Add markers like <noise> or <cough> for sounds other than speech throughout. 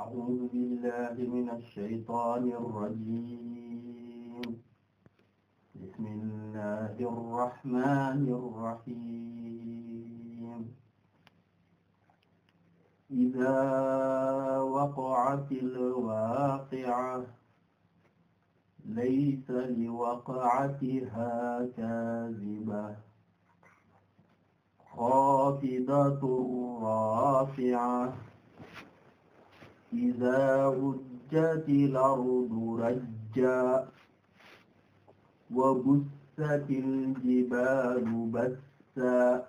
أعوذ بالله من الشيطان الرجيم بسم الله الرحمن الرحيم إذا وقعت الواقعة ليس لوقعتها كاذبة خافضة رافعة إذا رجت الأرض رجا وبست الجبال بسا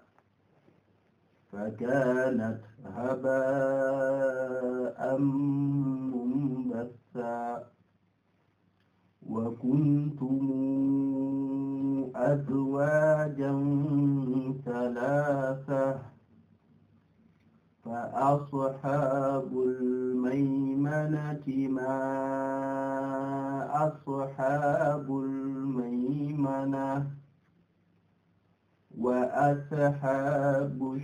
فكانت هباء منبثا وكنتم أزواجا ثلاثة fa ashaabul maymanati ma ashaabul maymana wa ashaabu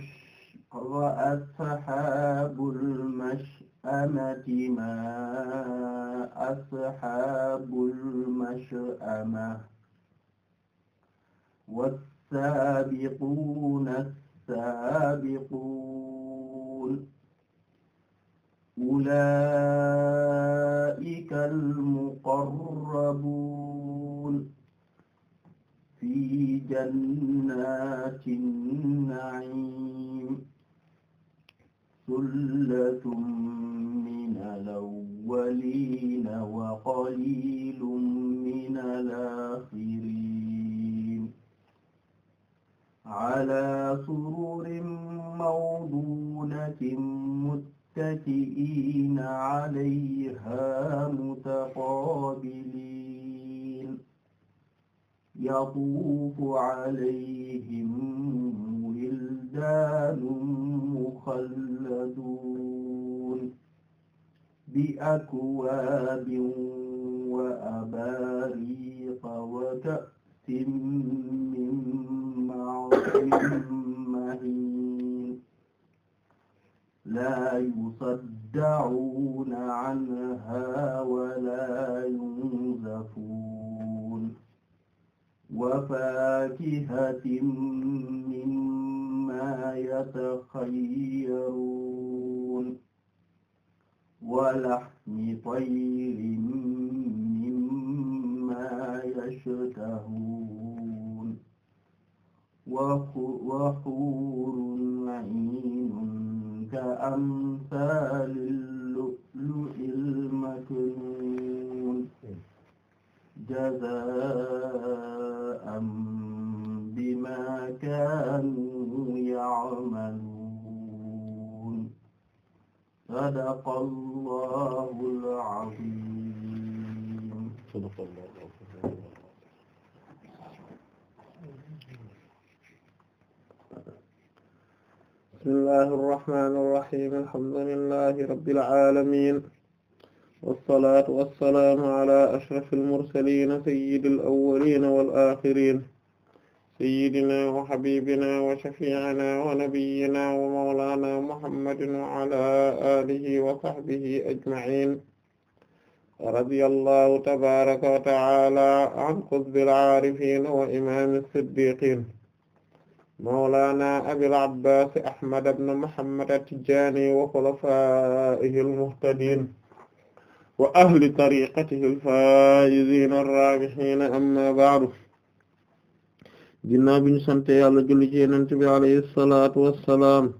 wa ashaabul mash'amati ma ashaabul mash'ama was-saabiquuna as-saabiquun ulaa'ika al-muqarrabuun fii jannaati n-na'iim sullatun mina l-awwaliina wa qaliilun mina l-aakhiriin alaa sururin mawduunatin متكئين عليها متقابلين يطوف عليهم ولدان مخلدون بأكواب وأباريق وكأس من معين laa yusaddacuuna canhaa walaa yunzafuun wa faakihatin mimmaa yataxayyaruun wa laxmi tayrin mimmaa yashtahuun wa xuurun ciinun كأمثال اللؤلؤ المكنون جزاء بما كانوا يعملون صدق الله العظيم bismillahi irrahmani irrahim alhamdulillahi rabbil alamin wassalatu wassalaamu ala ashrafil mursalin sayyidil awwalin wal akhirin sayyidina wa habibina wa shafi'ina wa nabiyyina wa mawlana muhammadin wa ala alihi wa sahbihi ajma'in radiyallahu tabaraka wa ta'ala an qutbil arifin wa imam as-siddiqin mawlaana abil abbaas ahmad ibn muhammad at-tijaani wa xulafaa'ihi al-muhtadiin wa ahli tariiqatihi al-faa'iziina ar-raabihiina ammaa ba'du ginnaaw bi ñu sant Yàlla julli ci Yonent bi alayhi salaatu wa salaam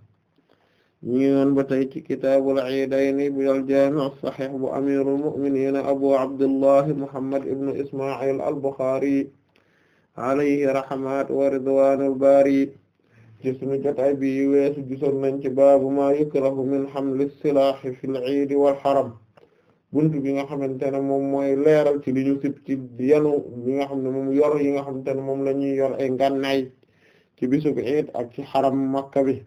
ñu ngi woon ba tey ci kitaabul ciidayni bi al-jaami' as-sahiih bu amiirul mu'miniina abu abdullah muhammad ibn ismaa'iil al-buxaari alayhi rahmatu wa ridwanul bari ci sunu jotaay bi weesu gisoon nañ ci baabu ma yukrahu min hamli silaahi fil iidi wal haram buntu bi nga xamante ne moom mooy leeral ci li ñu sib ci yanu bi nga xam ne moom yor yi nga xamante ne moom la ñuy yor ay ngànnaay ci bisub iid ak ci xaram makka bi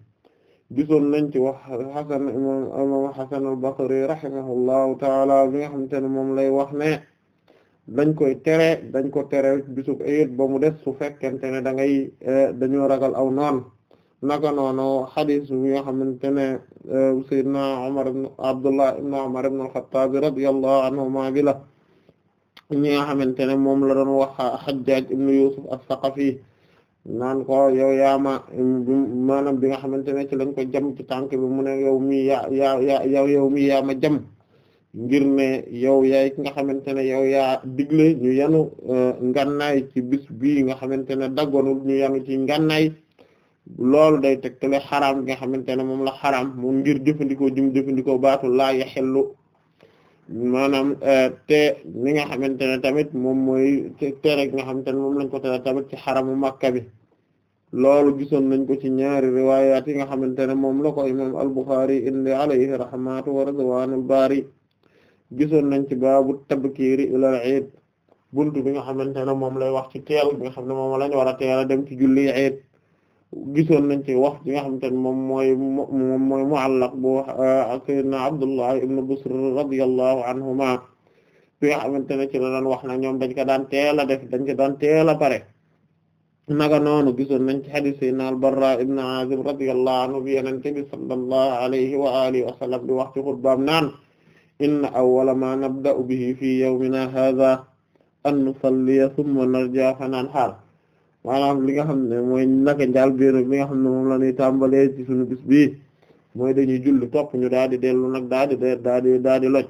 gisoon nañ ci wax xasan imam imam xasan al basri rahimahullahu taala bi nga xamante ne moom lay wax ne dañ koy tere dañ ko tere bisub ayit ba mu des su fekkente ne da ngay eh, dañoo ragal aw noon naka noonu xadis bi nga xamante ne eh, sayyidina Umar ibn Abdullah ibn Umar ibn al-Khattab radiyallahu anhuma bi la ñi nga xamante ne moom la doon wax Hajjaj ibn Yusuf as-Saqafi naan ko yow yaama maanaam bi nga xamante ne ci lañ ko jam ci tànk bi mu ne yow mi ya yow yow mi yaama jam ngir ne yow yaay ki nga xamante ne yow yaa digle ñu yanu euh, ngannaay ci bis bii nga xamante ne daggonul ñu yanu ci ngannaay loolu day tegtale xaraam bi nga xamante ne moom la xaram moom ngir jëfandikoo jum jëfandikoo baatu laa yaxellu maanaam euh, te ni nga xamante ne tamit moom mooy tere gi nga xamante ne moom lañ ko tere tamit ci xaramu Makka bi loolu gisoon nañ ko ci ñaari riwaayaat yi nga xamante ne moom la ko imam al-Bukhari indi baari gisoon nañ ci baabu tabkiiri ilal iid buntu bi nga xamante ne moom lay wax ci teel bi nga xam ne moom lañ war a teel dem ci julli iid gisoon nañ ci wax bi nga xamante ne moom mooy moom mooy muallaq bu ah, sayyidina Abdullah ibn Busr radiyallahu anhuma bi nga xamante ne ci la wax na ñoom dañ ko daan teel a def dañ ko daan teel a pare naga noonu gisoon nañ ci hadith sayyidina al-Barra ibn Azib radiyallahu anhu bi yenente bi alayhi wa alihi wa sallam di wax ci xutbaam naan inna awwala ma nabda'u bihi fi yawmina hadha an nusalliya thumma narja fanaan xaar maanaam li nga xam ne mooy naka njaal biir li nga xam ne moom la ñuy tàmbalee ci suñu bis bii mooy dañuy julli topp ñu daal di dellu nag daal di daal di daal di loj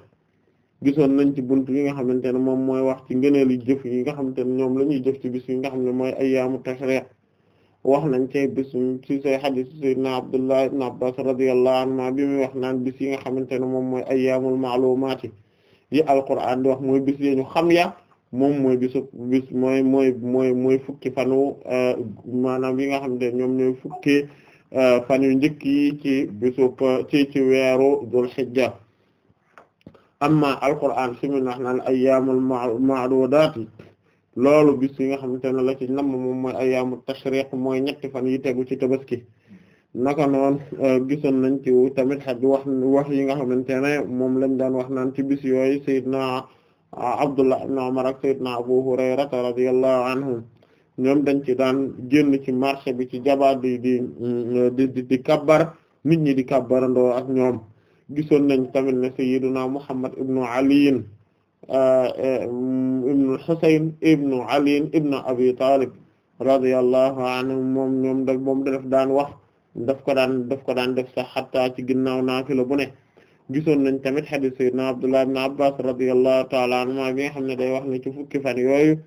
gisoon nañ ci bunt yi nga xamante ne moom mooy wax ci ngëneelu jëf yi nga xamante ne ñoom la ñuy jëf ci bis yi nga xam ne mooy ayyaamu tashriq wax nañ ci bis ci say hadith sayyidina Abdullah ibn Abbas radiyallahu anhuma bi muy wax naan bis yi nga xamante ne moom mooy ayyaamul ma'lumaati yi alquran di wax mooy bis ñu xam ya moom mooy bisu bis mooy mooy mooy mooy fukki fanu euh, maanaam yi nga xam ne ñoom ñooy fukki euh, fan yu njëkk yi ci bisu ci ci weeru dul xijja amma alquran fi mu wax naan ayyaamul loolu bis yi nga xamante ne la ci nam moom mooy ayyaamu tashriq mooy ñetti fan yi tegu ci tabaski naka noonu euh, gisoon nañ ci tamit xaj wax na yi nga xamante ne moom lañ daan wax naan ci bis yooyu sayyidna euh, Abdullah ibn Umar ak sayyidna Abu Hurayrata radiyallahu anhum ñoom dañ ci daan génn ci marché bi ci jabaar di di di di nit ñi di kabbarandoo ak ñoom gisoon nañ tamit ne sayyiduna Muhammad ibnu Ali ibnu Husayn ibnu Ali ibnu Abi Talib radiyallahu anhu moom ñoom da moom def daan wax daf ko daan daf ko daan def sax xataa ci ginnaaw naafila bu ne gisoon nañ tamit hadith sayyidina Abdullah ibn Abbas radiyallahu ta'ala anhuma bi nga xam ne day wax ne ci fukki fan yooyu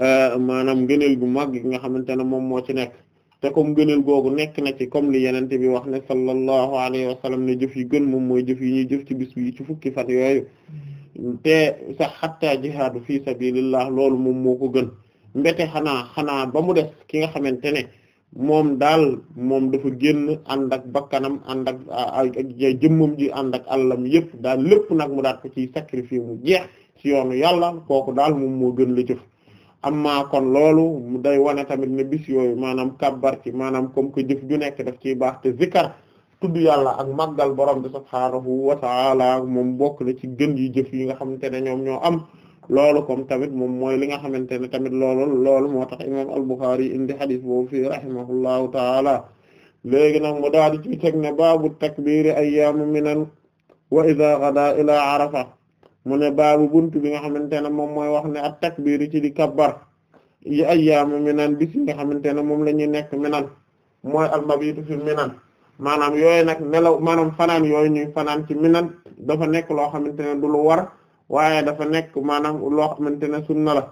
euh, maanaam ngëneel gu mag gi nga xamante ne moom moo ci nekk te comme gënal googu nekk na ci comme li yenente bi wax ne sallallahu alayhi wa sallam ne jëf yi gën moom mooy jëf yi ñuy jëf ci bis bi ci fukki fan yooyu te sax xatta jihaadu fi sabilillah loolu moom moo ko gën mbete xanaa xanaa ba mu des ki nga xamante ne moom daal moom dafa génn ànd ak bakkanam ànd ak ak jëmmam ji ànd ak àllam yëpp daal lépp nag mu daat ko ciy sacrifice mu jeex ci yoonu yàlla kooku daal moom moo gën la jëf amma kon loolu mu day wane tamit ne bis yooyu maanaam kabbar ci maanaam comme que jëf ju nekk daf ciy baax te zikar tudd yàlla ak màggal borom bi subhaanahu wa ta'ala moom bokk na ci gën yi jëf yi nga xamante ne ñoom ñoo am loolu comme tamit moom mooy li nga xamante ne tamit loolu loolu moo tax imam al-Bukhari indi xadis boobu fii rahimahullahu ta'ala léegi nag mu daal di ci teg ne baabu takbiri ayyaamu minan wa idha ghadaa ilaa arafa mu ne baabu buntu bi nga xamante ne moom mooy wax ne at takbiri ci di kabbar yi ayyaamu minan bis yi nga xamante ne moom la ñuy nekk minan mooy al-mabitu fi minan maanaam yooyu nag nelaw maanaam fanaan yooyu ñuy fanaan ci minan dafa nekk loo xamante ne du war waaye dafa nekk maanaam loo xamante ne sunna la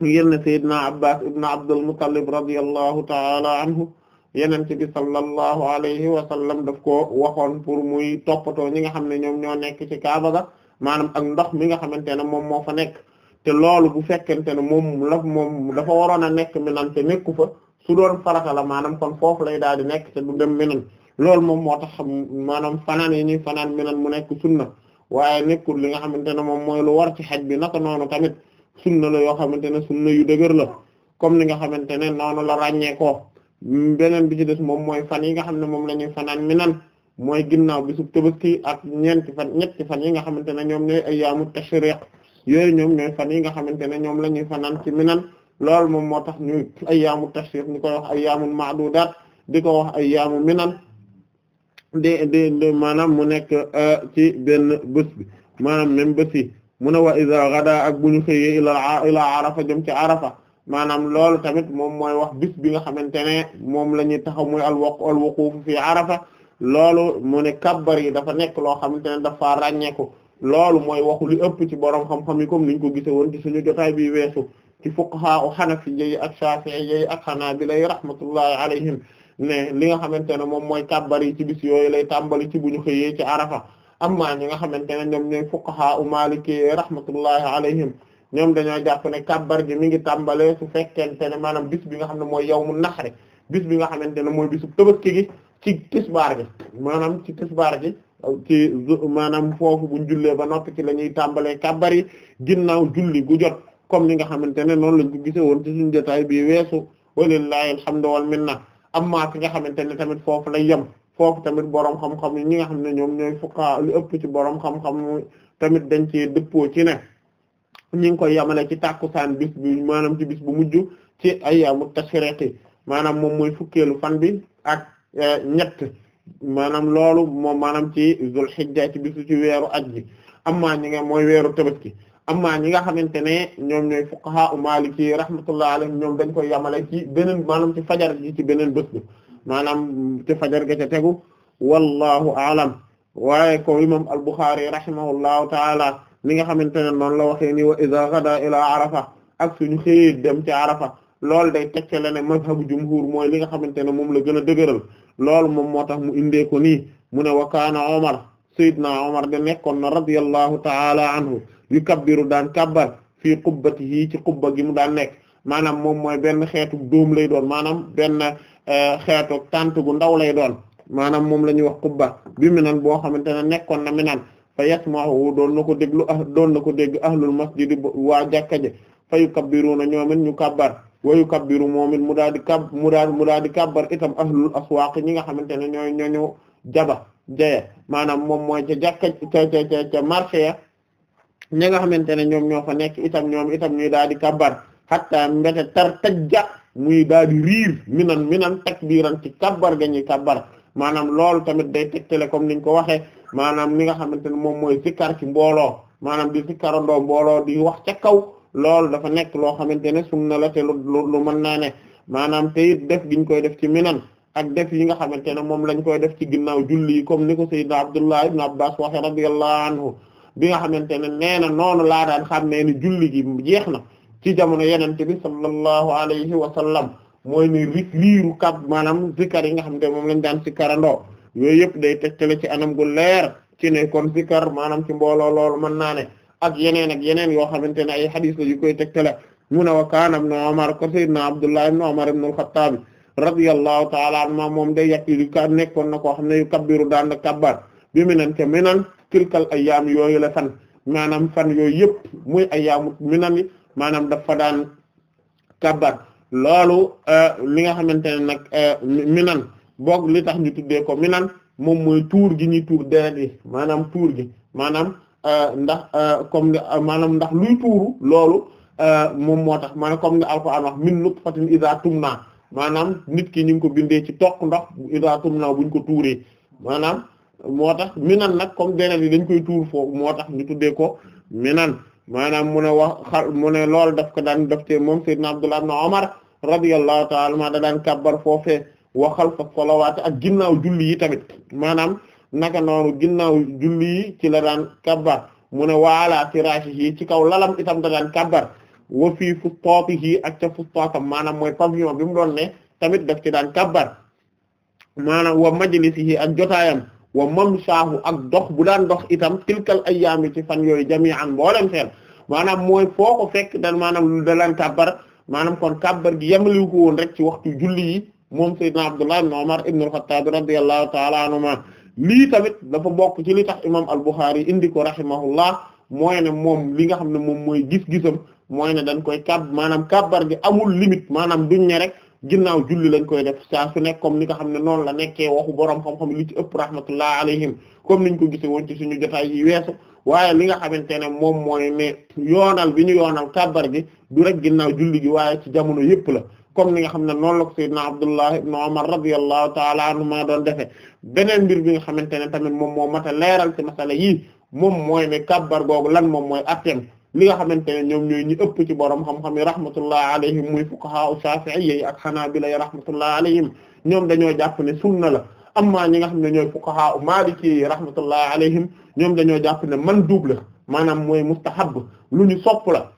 yenn Seydina Abbas ibn Abdul Muttalib radiyallahu taala anhu yeneen ci bi sallallahu alayhi wa sallam daf ko waxoon pour muy toppatoo ñi nga xam ne ñoom ñoo nekk ci Kaaba ga maanaam ak ndox mi nga xamante ne moom moo fa nekk te loolu bu fekkente ne moom la waroon a nekk mi naan nekku fa su doon farata la maanaam kon foofu lay daal di nekk te du dem Minan loolu moom moo tax maanaam fanaan yi ñuy fanaan Minan mu nekk na waaye nekkul li nga xamante ne moom mooy lu war ci xaj bi naka noonu tamit sunna la yoo xamante ne sunna yu dëgër comme ni nga xamante ne noonu la ràññee ko beneen bi ci des moom mooy fan yi nga xam ne moom la ñuy fanaan Minan mooy ginnaaw bisu Tabaski ak ñeenti fan ñetti fan yi nga xamante ne ñoom ñooy ayyaamu tashriq yooyu ñoom ñooy yi nga xamante ne ñoom la ñuy fanaan ci Minan loolu moom moo tax ñu ayyaamu tashriq ñu koy wax ayyaamun ma'dudaat di ko wax ayyaamu minan de de maanaam mu nekk euh, ci benn bés bi maanaam même bés yi mu ne wa iza ghadaa ak bu ñu xëyee ilaa ilaa arafa jëm ci arafa maanaam loolu tamit moom mooy wax bis bi nga xamante ne moom la ñuy taxaw muy alwaq alwaquuf fi arafa loolu mu ne kabbar yi dafa nekk loo xamante ne dafa ràññeeku loolu mooy waxu li ëpp ci borom xam-xam yi comme niñ ko gisee woon ci suñu jotaay bi weesu ci fuqaha u hanafiyyi ak shafi'iyyi ak hanabila rahmatullahi alayhim ne li nga xamante ne moom mooy kàbbar yi ci bis yooyu lay tàmbali ci bu ñu xëyee ci arafa amma ñi nga xamante ne ñoom ñooy fuqaha u maliki rahmatullahi alayhim ñoom dañoo jàpp ne kàbbar gi mi ngi tàmbalee su fekkente ne maanaam bis bi nga xam ne mooy yawmu naxri bis bi nga xamante ne mooy bisu Tabaski gi ci tisbaar gi maanaam ci tisbaar gi ci maanaam foofu buñ jullee ba noppi ci la ñuy tàmbalee kàbbar ginnaaw julli gu jot comme ni nga xamante ne noonu lañ ko gisee woon ci suñu jotaay bii weesu walillahi alhamdu wal minna amma fi nga xamante ne tamit foofu lay yem foofu tamit boroom xam-xam yi ñi nga xam ne ñoom ñooy fuqaha lu ëpp ci borom xam-xam tamit dañ cee dëppoo ci ne ñi ngi koy yemale ci tàkkusaan bis bi maanaam ci bis bu mujj ci ayyamu tashriqi maanaam moom muy fukkeelu fan bi ak eh, ñett maanaam loolu moom maanaam ci zulhijja ci bisu ci weeru aj bi amma ñi nga mooy weeru tabaski amma ñi nga xamante ne ñoom ñooy fuqaha u maliki rahmatullah alayhim ñoom dañ koy yamale ci beneen maanaam ci fajar gi ci beneen bés bi maanaam ci fajar ga ca tegu wallahu aalam waaye ko imam al-Bukhari rahimahullahu taala li nga xamante ne noonu la waxee ni wa iza ghada ila arafa ak suñu xëyee dem ci arafa loolu day tekkale ne mazhabu jumhur mooy li nga xamante ne moom la gën a dëgëral loolu moom moo tax mu indee ko nii mu ne wa kaana Omar Seydina Omar de nekkoon na radiyallahu taala anhu yu kabbiru daan kabbar fii qubbatihi ci qubba gi mu daan nekk maanaam moom mooy benn xeetu dóom lay doon maanaam benn eh, xeetu tant gu ndaw lay doon maanaam moom la ñuy wax qubba bi mi nan boo xamante ne nekkoon na mi nan fa yasmahu doon na ko déglu ah doon na ko dégg ahlul masjid wa jàkka je fa yukabbiruna ñoom it ñu kabbar wa yukabbiru moom it mu daal di kab mu daal mu daal di kabbar itam ahlul aswaaq ñi nga xamante ne ñooy ñooñu jaba jaya maanaam moom mooy ca jàkka ca ca marché ya ñi nga xamante ne ñoom ñoo fa nekk itam ñoom itam ñuy daal di kabbar hatta mbete tar tajja muy daal di riir minan minan takbiran ci kabbar ga kabar kabbar maanaam loolu tamit day tegtale comme niñ ko waxee maanaam li nga xamante ne moom mooy zikkar ci mbooloo maanaam di zikkarandoo mbooloo di wax ca kaw loolu dafa nekk loo xamante ne sunna la te lu lu mën naa ne maanaam te it def giñ koy def ci minan ak def yi nga xamante ne moom lañ koy def ci ginnaaw julli comme ni ko sayyidna Abdullah ibn Abbas waxe radiyallahu anhu bi nga xamante ne nee na noonu laa daan xam ne ni julli gi jeex na ci jamono yenente bi sallallahu alayhi wa sallam mooy ni ri liiru kab maanaam zikar yi nga xam ne moom lañ daan sikarandoo yooyu yëpp day tegtale ci anam gu leer ci ne kon zikar maanaam ci mbooloo loolu mën naa ne ak yeneen ak yeneen yoo xamante ne ay hadith la yu koy tegtale mu ne wa kaana ibn Umar ko sayyidna Abdullah ibn Umar ibn al-Khattab radiyallahu taala anhuma moom day yàq yu ka nekkoon na koo xam ne yu kabbiru daan na kabbar bi minan te minan tilkal ayyaam yooyu la fan maanaam fan yooyu yëpp muy ayyaamu minan yi maanaam dafa daan kabbar loolu euh, li nga xamante ne nag euh, minan boog li tax ñu tuddee ko minan moom mooy tuur gi ñuy tuur deret yi maanaam tuur gi maanaam euh, ndax comme maanaam ndax luy tuuru loolu moom moo tax maanaam comme nga Alxuraan wax min nutfatin iza tumna maanaam nit ki ñu ko bindee ci toq ndox idaa tumna buñ ko tuuree maanaam moo tax minan nag kom deret yi dañ koy tuur foofu moo tax ñu tuddee ko minan maanaam mu ne wax xal mu ne loolu daf ko daan def te moom sayyidna Abdullah ibn Umar radiyallahu ta'ala ma da daan kabbar foofee wa xalfa salawaati ak ginnaaw julli yi tamit maanaam naka noonu ginnaaw julli yi ci la daan kabbar mu ne waala firaashi yi ci kaw lalam itam da daan kabbar wa fii fustaatihi ak ca fustaatam maanaam mooy pavillon bi mu doon ne tamit def ci daan kabbar maanaam wa majlisihi ak jotaayam wa mamshaahu ak dox bu daan dox itam tilkal ayyaami ci fan yooyu jami'an mboolem seen maanaam mooy foo ko fekk dan maanaam da daan kabbar maanaam kon kabbar gi yemaliwu ko woon rek ci waxtu julli yi moom sayyidina Abdullah ibn Umar ibn al-Khattab radiyallahu ta'ala anhuma lii tamit dafa bokk ci li tax imam al-Bukhari indi ko rahimahullah mooy ne moom li nga xam ne moom mooy gis-gisam mooy ne dañ koy kab maanaam kabbar gi amul limite maanaam duñ ne rek ginnaaw julli lañ koy def saa su nekk comme ni nga xam ne noonu la nekkee waxu borom xam-xam li ci ëpp rahmatullah alayhim comme niñ ko gise woon ci ñu jotaay yi weesu waaye li nga xamante ne moom mooy ne yoonal bi ñu yoonal kabbar gi du rek ginnaaw julli gi waaye ci jamono yëpp la comme ni nga xam ne noonu la ko sayyidna Abdullah ibn Umar radiyallahu ta'ala maa doon defee beneen mbir bi nga xamante ne tamit moom moo mat a leeral ci masala yii moom mooy ne kabbar googu lan moom mooy atteem li nga xamante ne ñoom ñooy ñi ëpp ci borom xam-xam yi rahmatullah alayhim muy fuqaha shafi'iyyi ak hanabila yi rahmatullah alayhim ñoom dañoo jàpp ne sunna la amma ñi nga xam ne ñooy fuqaha maliki yi rahmatullah alayhim ñoom dañoo jàpp ne mandub la maanaam mooy mustahab lu ñu sopp la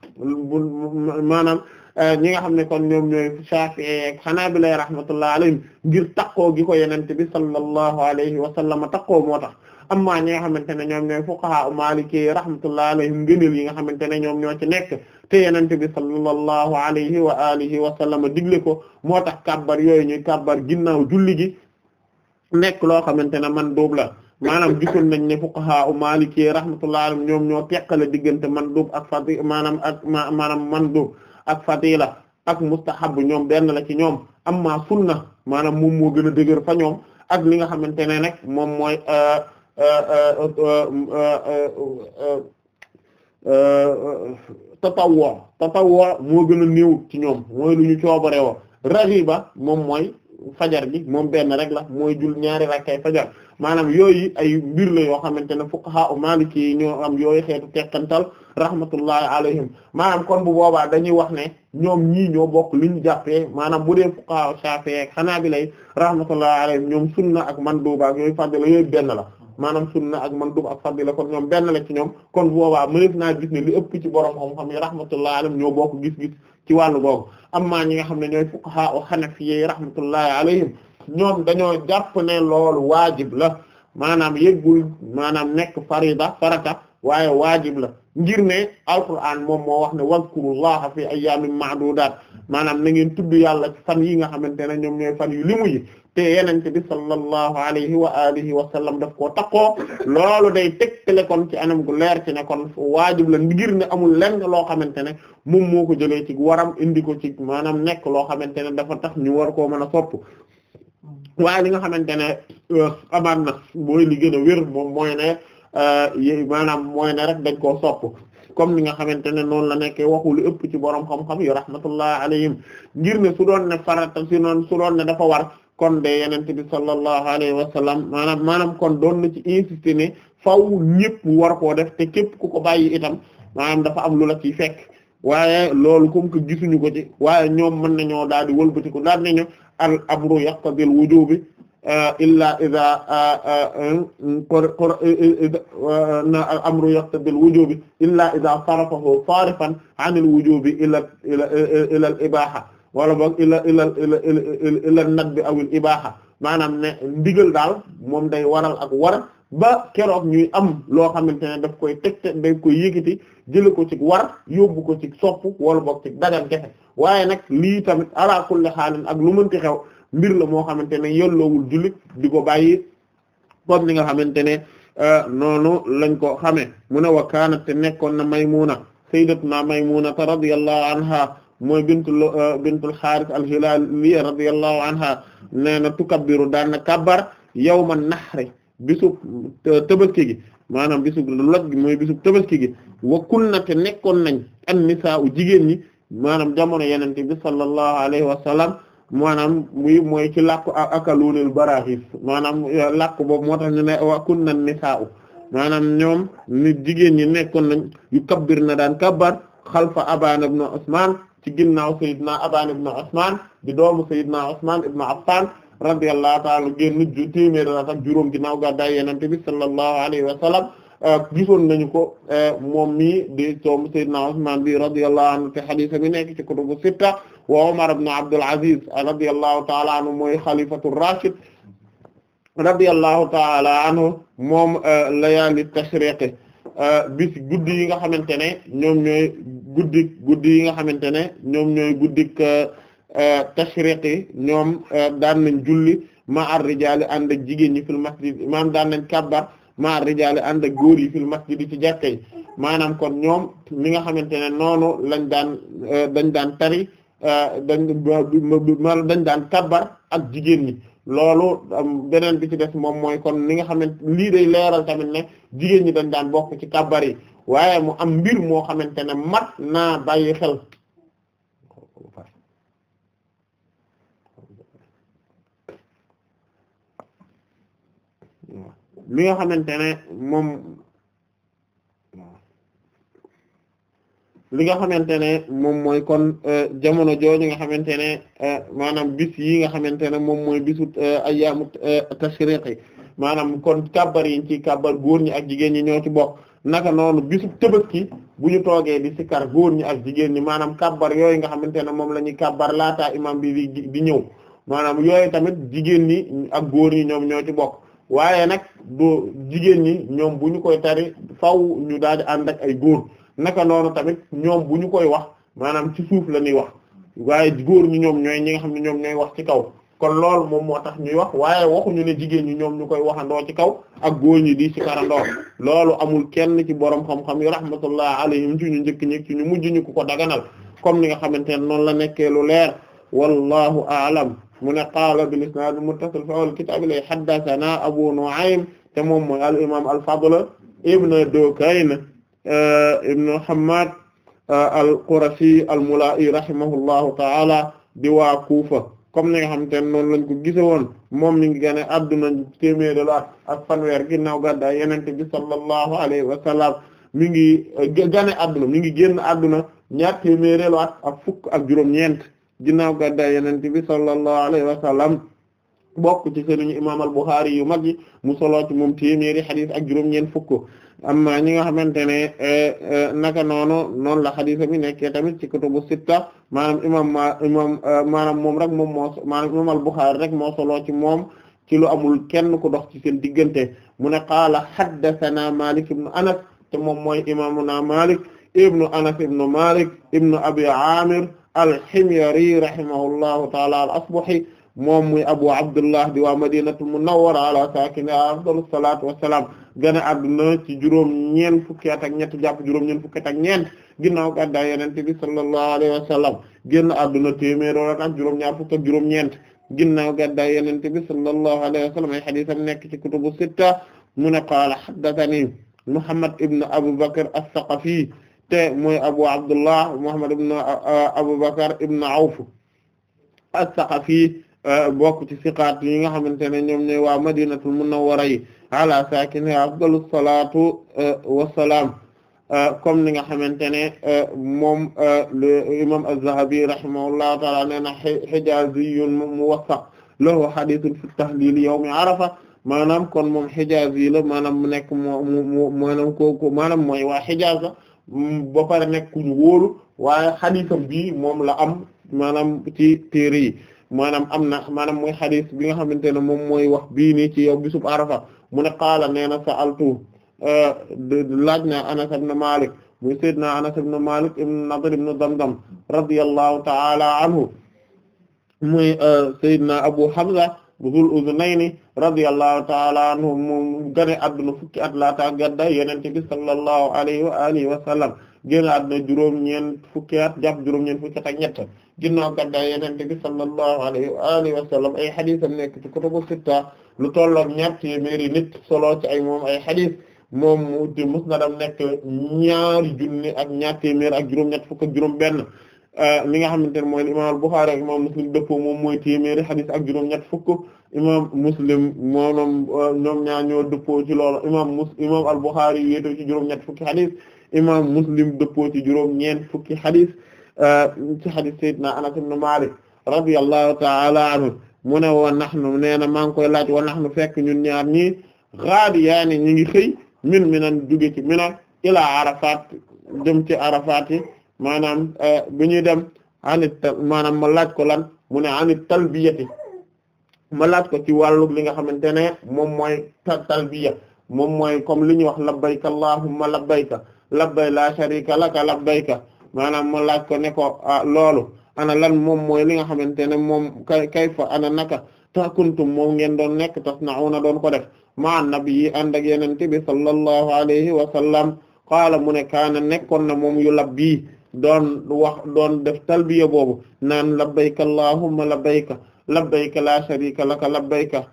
maanaam eh, ñi nga xam ne kon ñoom ñooy shafi'i ak hanabila yi rahmatullah alayhim ngir takkoo gi ko yenente bi sallallahu alayhi wa sallam takkoo moo tax amma ñi nga xamante ne ñoom ñooy fuqaha maliki rahmatullahi alayhim ngëneel yi nga xamante ne ñoom ñoo ci nekk te yenente bi sallallahu alayhi wa alihi wa sallam digle ko moo tax kabbar yooyu ñuy kabbar ginnaaw julli gi nekk loo xamante ne man dóob la maanaam gisoon nañ ne fuqaha u maliki rahmatullahi alayhim ñoom ñoo teqale diggante man dóob ak fati maanaam ak maanaam man dóob ak fatila ak mustahab ñoom benn la ci ñoom amma sunna maanaam moom moo a dëgër fa ñoom ak li nga xamante ne nag moom mooy euh, E, e, e, tatawwa tatawwa moo gën a néew ci ñoom mooy lu ñu coobare woo raxiba moom mooy fajar gi moom benn rek la mooy jul ñaari rakkay fajar maanaam yooyu ay mbir la yoo xamante ne fuqaha u maliki yi ñoo am yooyu xeetu tekkantal rahmatullahi alayhim maanaam kon bu boobaa dañuy wax ne ñoom ñii bokk li ñu jàppee maanaam bu dee fuqaha u shafi'i ak xanaa bi lay rahmatullahi alayhim ñoom sunna ak manduba ak yooyu fàddala yooyu benn la maanaam sunna ak man mandub ak fadila kon ñoom benn la ci ñoom kon boobaa mëneef naa gis ne li ëpp ci borom xam-xam yi rahmatullah alayhim ñoo bokk gis-gis ci wàllu googu amma ñi nga xam ne ñooy fuqaha o hanafiyyi rahmatullahi alayhim ñoom dañoo jàpp ne loolu waajib la maanaam yëggul maanaam nekk farida farata waaye waajib la ngir ne alquran moom moo wax ne wazkurullaha fi ayyaamin ma'dudat maanaam na ngeen tudd yàlla ci fan yi nga xamante ne ñoom ñooy fan yu limu yi te yenente bi sallallahu alayhi wa alihi wa sallam def koo takkoo loolu day tegtale kon ci anam gu leer ci nekkoon kon waajib la ngir ne amul lenn loo xamante ne moom moo ko jëlee ci waram indi ko ci maanaam nekk loo xamante ne dafa tax ñu war koo mën a sopp waaye li nga xamante ne euh, amaan na mooy li gën a moom mooy ne euh, maanaam mooy ne rek dañ koo sopp comme ni nga xamante ne noonu la nekkee waxu lu ëpp ci borom xam-xam yu rahmatullah alayhim ngir ne su doon ne farata noonu su doon ne war kon de yenente bi sallallahu alayhi wa sallam maanaam maanaam kon doon na ci insister ne faw ñëpp war koo def te képp ku ko bàyyi itam maanaam dafa am lu la ciy fekk waaye loolu comme que gisuñu ko ci waaye ñoom mën nañoo daal di wëlbatiku daal nañu al amru yaqtadil wujubi eh, illa iza eh, eh, na al amru yaqtadil wujubi illa iza sarafahu sarifan anil wala boog ila ila ila ila nat bi awil ibaaxa maanaam ne ndigal daal moom day waral ak war ba keroog ñuy am loo xamante ne daf koy teg teg day koy yëkkati jële ko ci war yóbbu ko ci sopp wala boog ci dagan gefe waaye nag lii tamit ala kulli ak lu mënti xew mbir la moo xamante ne yelloowul jullit di ko bàyyi comme ni nga xamante ne euh, noonu lañ ko xamee mu ne wa kaanat te nekkoon na Maymuna sayyidatuna Maymunata radiyallahu anha mooy bintu euh, bintul Haaris al-Hilaaliya radiyallahu anha nee na tukabbiru daan na kabbar yawman nahri bisub tabaski gi maanaam bisub loj gi mooy gi wa kunna te nekkoon nañ an-nisaa'u jigéen ñi maanaam jamono Yonent bi sallallahu alayhi wa sallam maanaam muy mooy ci làkk akaluunil baraaxis maanaam euh, làkk boobu moo tax ñu ne wa kunna nisaa'u maanaam ñoom nit jigéen ñi nekkoon nañ yu kabbir na daan kabbar xalfa Abaan ibn Usmaan ci ginnaaw Seydina Abaan ibn Usmaan di doomu Seydina Usmaan ibn Affaan radiyallahu ta'ala génn téeméer at ak juróom ginnaaw gàddaay Yonent bi sallallahu alayhi wa sallam euh, nañu ko euh, moom mi di doomu Seydina Usmaan bi radiyallahu anhu te hadiis nekk ci kutubu sitta wa Umar ibn Abdul Aziz radiyallahu ta'ala ta'ala anhu moom euh, layaali tashriqi bis guddi yi nga xamante ne ñoom ñooy guddik guddi yi nga xamante ne ñoom ñooy guddik eh, tashriqi ñoom eh, daan nañ julli ma ar-rijaali ànd ak jigéen ñi fil masjid maanaam daan nañ kabbar ma ar-rijaali ànd ak góor yi fil masjid ci jàkka yi maanaam kon ñoom li nga xamante ne noonu lañ daan eh, dañ daan tari ma dañ daan kabbar ak jigéen ñi loolu beneen bi ci def moom mooy kon li nga xamante lii day leeral tamit ne jigéen ñi dañ daan bokk ci kabbar yi waaye mu am mbir moo xamante ne mat naa bàyyi xel li nga xamante ne moom li nga xamante ne moom mooy kon euh, jamono jooju nga xamante ne euh, maanaam bis yi nga xamante ne moom mooy bisu euh, ayyaamu tashriqi maanaam kon kàbbar yi ci kàbbar góor ñi ak jigéen ñi ñoo ci bokk naka noonu bisu tëbaski bu ñu toogee di sikar góor ñi ak jigéen ñi maanaam kabbar yooyu nga xamante ne moom la ñuy kabbar laataa imam bi di di ñëw maanaam yooy tamit jigéen ñi ak góor ñi ñoom ñoo ci bokk waaye nag du jigéen ñi ñoom bu koy tari faw ñu daal di ànd ay góor naka noonu tamit ñoom bu ñu koy wax maanaam ci suuf la ñuy wax waaye góor ñu ñoom ñooy ñi nga xam ne ñoom ñooy wax ci kaw kon lool moom moo tax ñuy wax waaye ñu ne jigéen ñi ñoom ñu koy waxandoo ci kaw ak góor ñi di ci karandoo loolu amul kenn ci borom xam-xam yi rahmatullah alayhim ci ñu njëkk ñi ci ñu mujj ñu ko ko daganal comme ni nga xamante ne noonu la nekkee lu leer wallahu a'lam mu ne qaala bil isnaad muttasil fi al kitaab li haddathana abu nu'aym te moom mooy al imam al fadl ibn dukayn eh, ibn hammad eh, al qurashi al mula'i rahimahullahu ta'ala di waa comme ni nga xamante ne noonu lañ ko gise woon moom mi ngi gane adduna téeméer la ak fanweer ginnaaw gàddaay yenente bi sallallahu alayhi wa sallam mi ngi euh, gane adduna mi ngi génn adduna ñaat téeméer la ak fukk ak juróom-ñeent ginnaaw gàddaay yenente bi sallallahu alayhi wa bokk ci sëriñu imam al-Bukhari yu mag yi mu solo ci moom téeméeri xadis ak juróom-ñeent fukk amma ñi nga xamante ne eh, eh, naka noonu noonu la xadis mi nekkee tamit ci kutubu sitta maanaam imam ma imam eh, maanaam moom rek moom moo maanaam imam al-Bukhari rek moo solo moom ci amul kenn ku dox ci seen diggante mu ne qaala haddathana Malik ibn Anas te moom mooy imamuna Malik ibnu Anas ibnu Malik ibnu Abi Amir al-Himyari rahimahullahu ta'ala al-Asbahi moom muy abu abdullah di waa madinatul munawwara ala saakinihaa afdalu salaatu wassalaam gane adduna ci juróom ñeen fukki at ak ñett jàpp juróom ñeen fukki at ak ñeent ginnaaw gàddaay yonent bi sallallahu alayhi wa sallam génn adduna téeméero ak juróom ñaar fukk ak juróom ñeent ginnaaw gàddaay yonent bi sallallahu alayhi wa sallam ay xadiisam nekk ci kutubu sitta mu ne qaala haddathanii Muhammad ibn Abubakar as-Saqafi te mooy abu abdullah Muhammad ibn Abubakar ibn Awf as-Saqafi Eh, bokk ci siqaat yi nga xamante ne ñoom ñooy waa madinatul munawwara yi ala saakini afdalu salaatu eh, wassalaam eh, comme ni nga xamante ne moom le imam az-Zahabi rahimahullahu taala nee na mu muwassaq lahu hadithun fi tahlil yawmi arafa maanaam kon moom Hijaaz yi maanaam mu nekk moo maanaam kooku maanaam mooy waa mm, nekk ku ñu wóolu waaye xadiisam moom la am maanaam ci téere yi maanaam am na maanaam mooy xadis bi nga xamante ne moom mooy wax bii nii ci yow bisub arafa mu ne qaala nee na sa'altu euh, laaj na Anas ibn Malik muy sayyidina Anas ibn Malik ibn Nadr ibn Damdam radiyallahu ta'ala anhu muy euh, sayyidina Abu Hamza Zul Uznayni ni ta'ala anhu moom gane adduna fukki at laata gàddaay Yonent bi sallallahu alayhi wa alihi wa sallam génn adduna juróom-ñeent fukki at juróom-ñeent fukki at ak ñett ginnaaw gàddaay Yonent bi sallallahu alayhi wa alihi wa sallam ay xadis am nekk ci kutubu sitta lu tollook ñaar téeméeri nit solo ci ay moom ay xadis moom mu di nekk ñaari junni ak ñaar téeméer ak juróom-ñett fukk ak juróom-benn. mi euh, nga xamante ne mooy imaam Buxaari ak imaam Muslim dëppoo moom mooy téeméeri xadis ak juróom-ñett fukk imaam Muslim moom euh, ñoom ñaar ñoo dëppoo ci loolu imaam mus imaam ci juróom-ñett fukki xadis imaam Muslim dëppoo ci juróom-ñeent fukki xadis euh, ci na Seydina Anas ibn Maalik radiyallahu ta'ala anhu mu ne wa nahnu nee na maa ngi koy laaj wa nahnu fekk ñun ñaar ñii gaadi yaani ñi ngi xëy min minan jóge ci Mina ilaa Arafat jëm ci Arafat yi maanaam eh, bi ñuy dem anit maanaam ma laaj ko lan mu ne anit talbiyati ma laaj ko ci wàllu li nga xamante ne moom mooy talbiya moom mooy comme li ñuy wax labbayka allahumma labbayka labbay la sharika laka labbayka maanaam ma laaj ko ne ko ah, loolu ana lan moom mooy li nga xamante ne moom kay kay fa ana naka takuntum moom ngeen doon nekk tasna'una doon ko def ma nabi ànd ak yenente bi sallallahu alayhi wa sallam qaala mu ne kaana nekkoon na moom yu labbi doon wax doon def talbiya boobu naan labbayka allahumma labbayka labbayka la sharika laka labbayka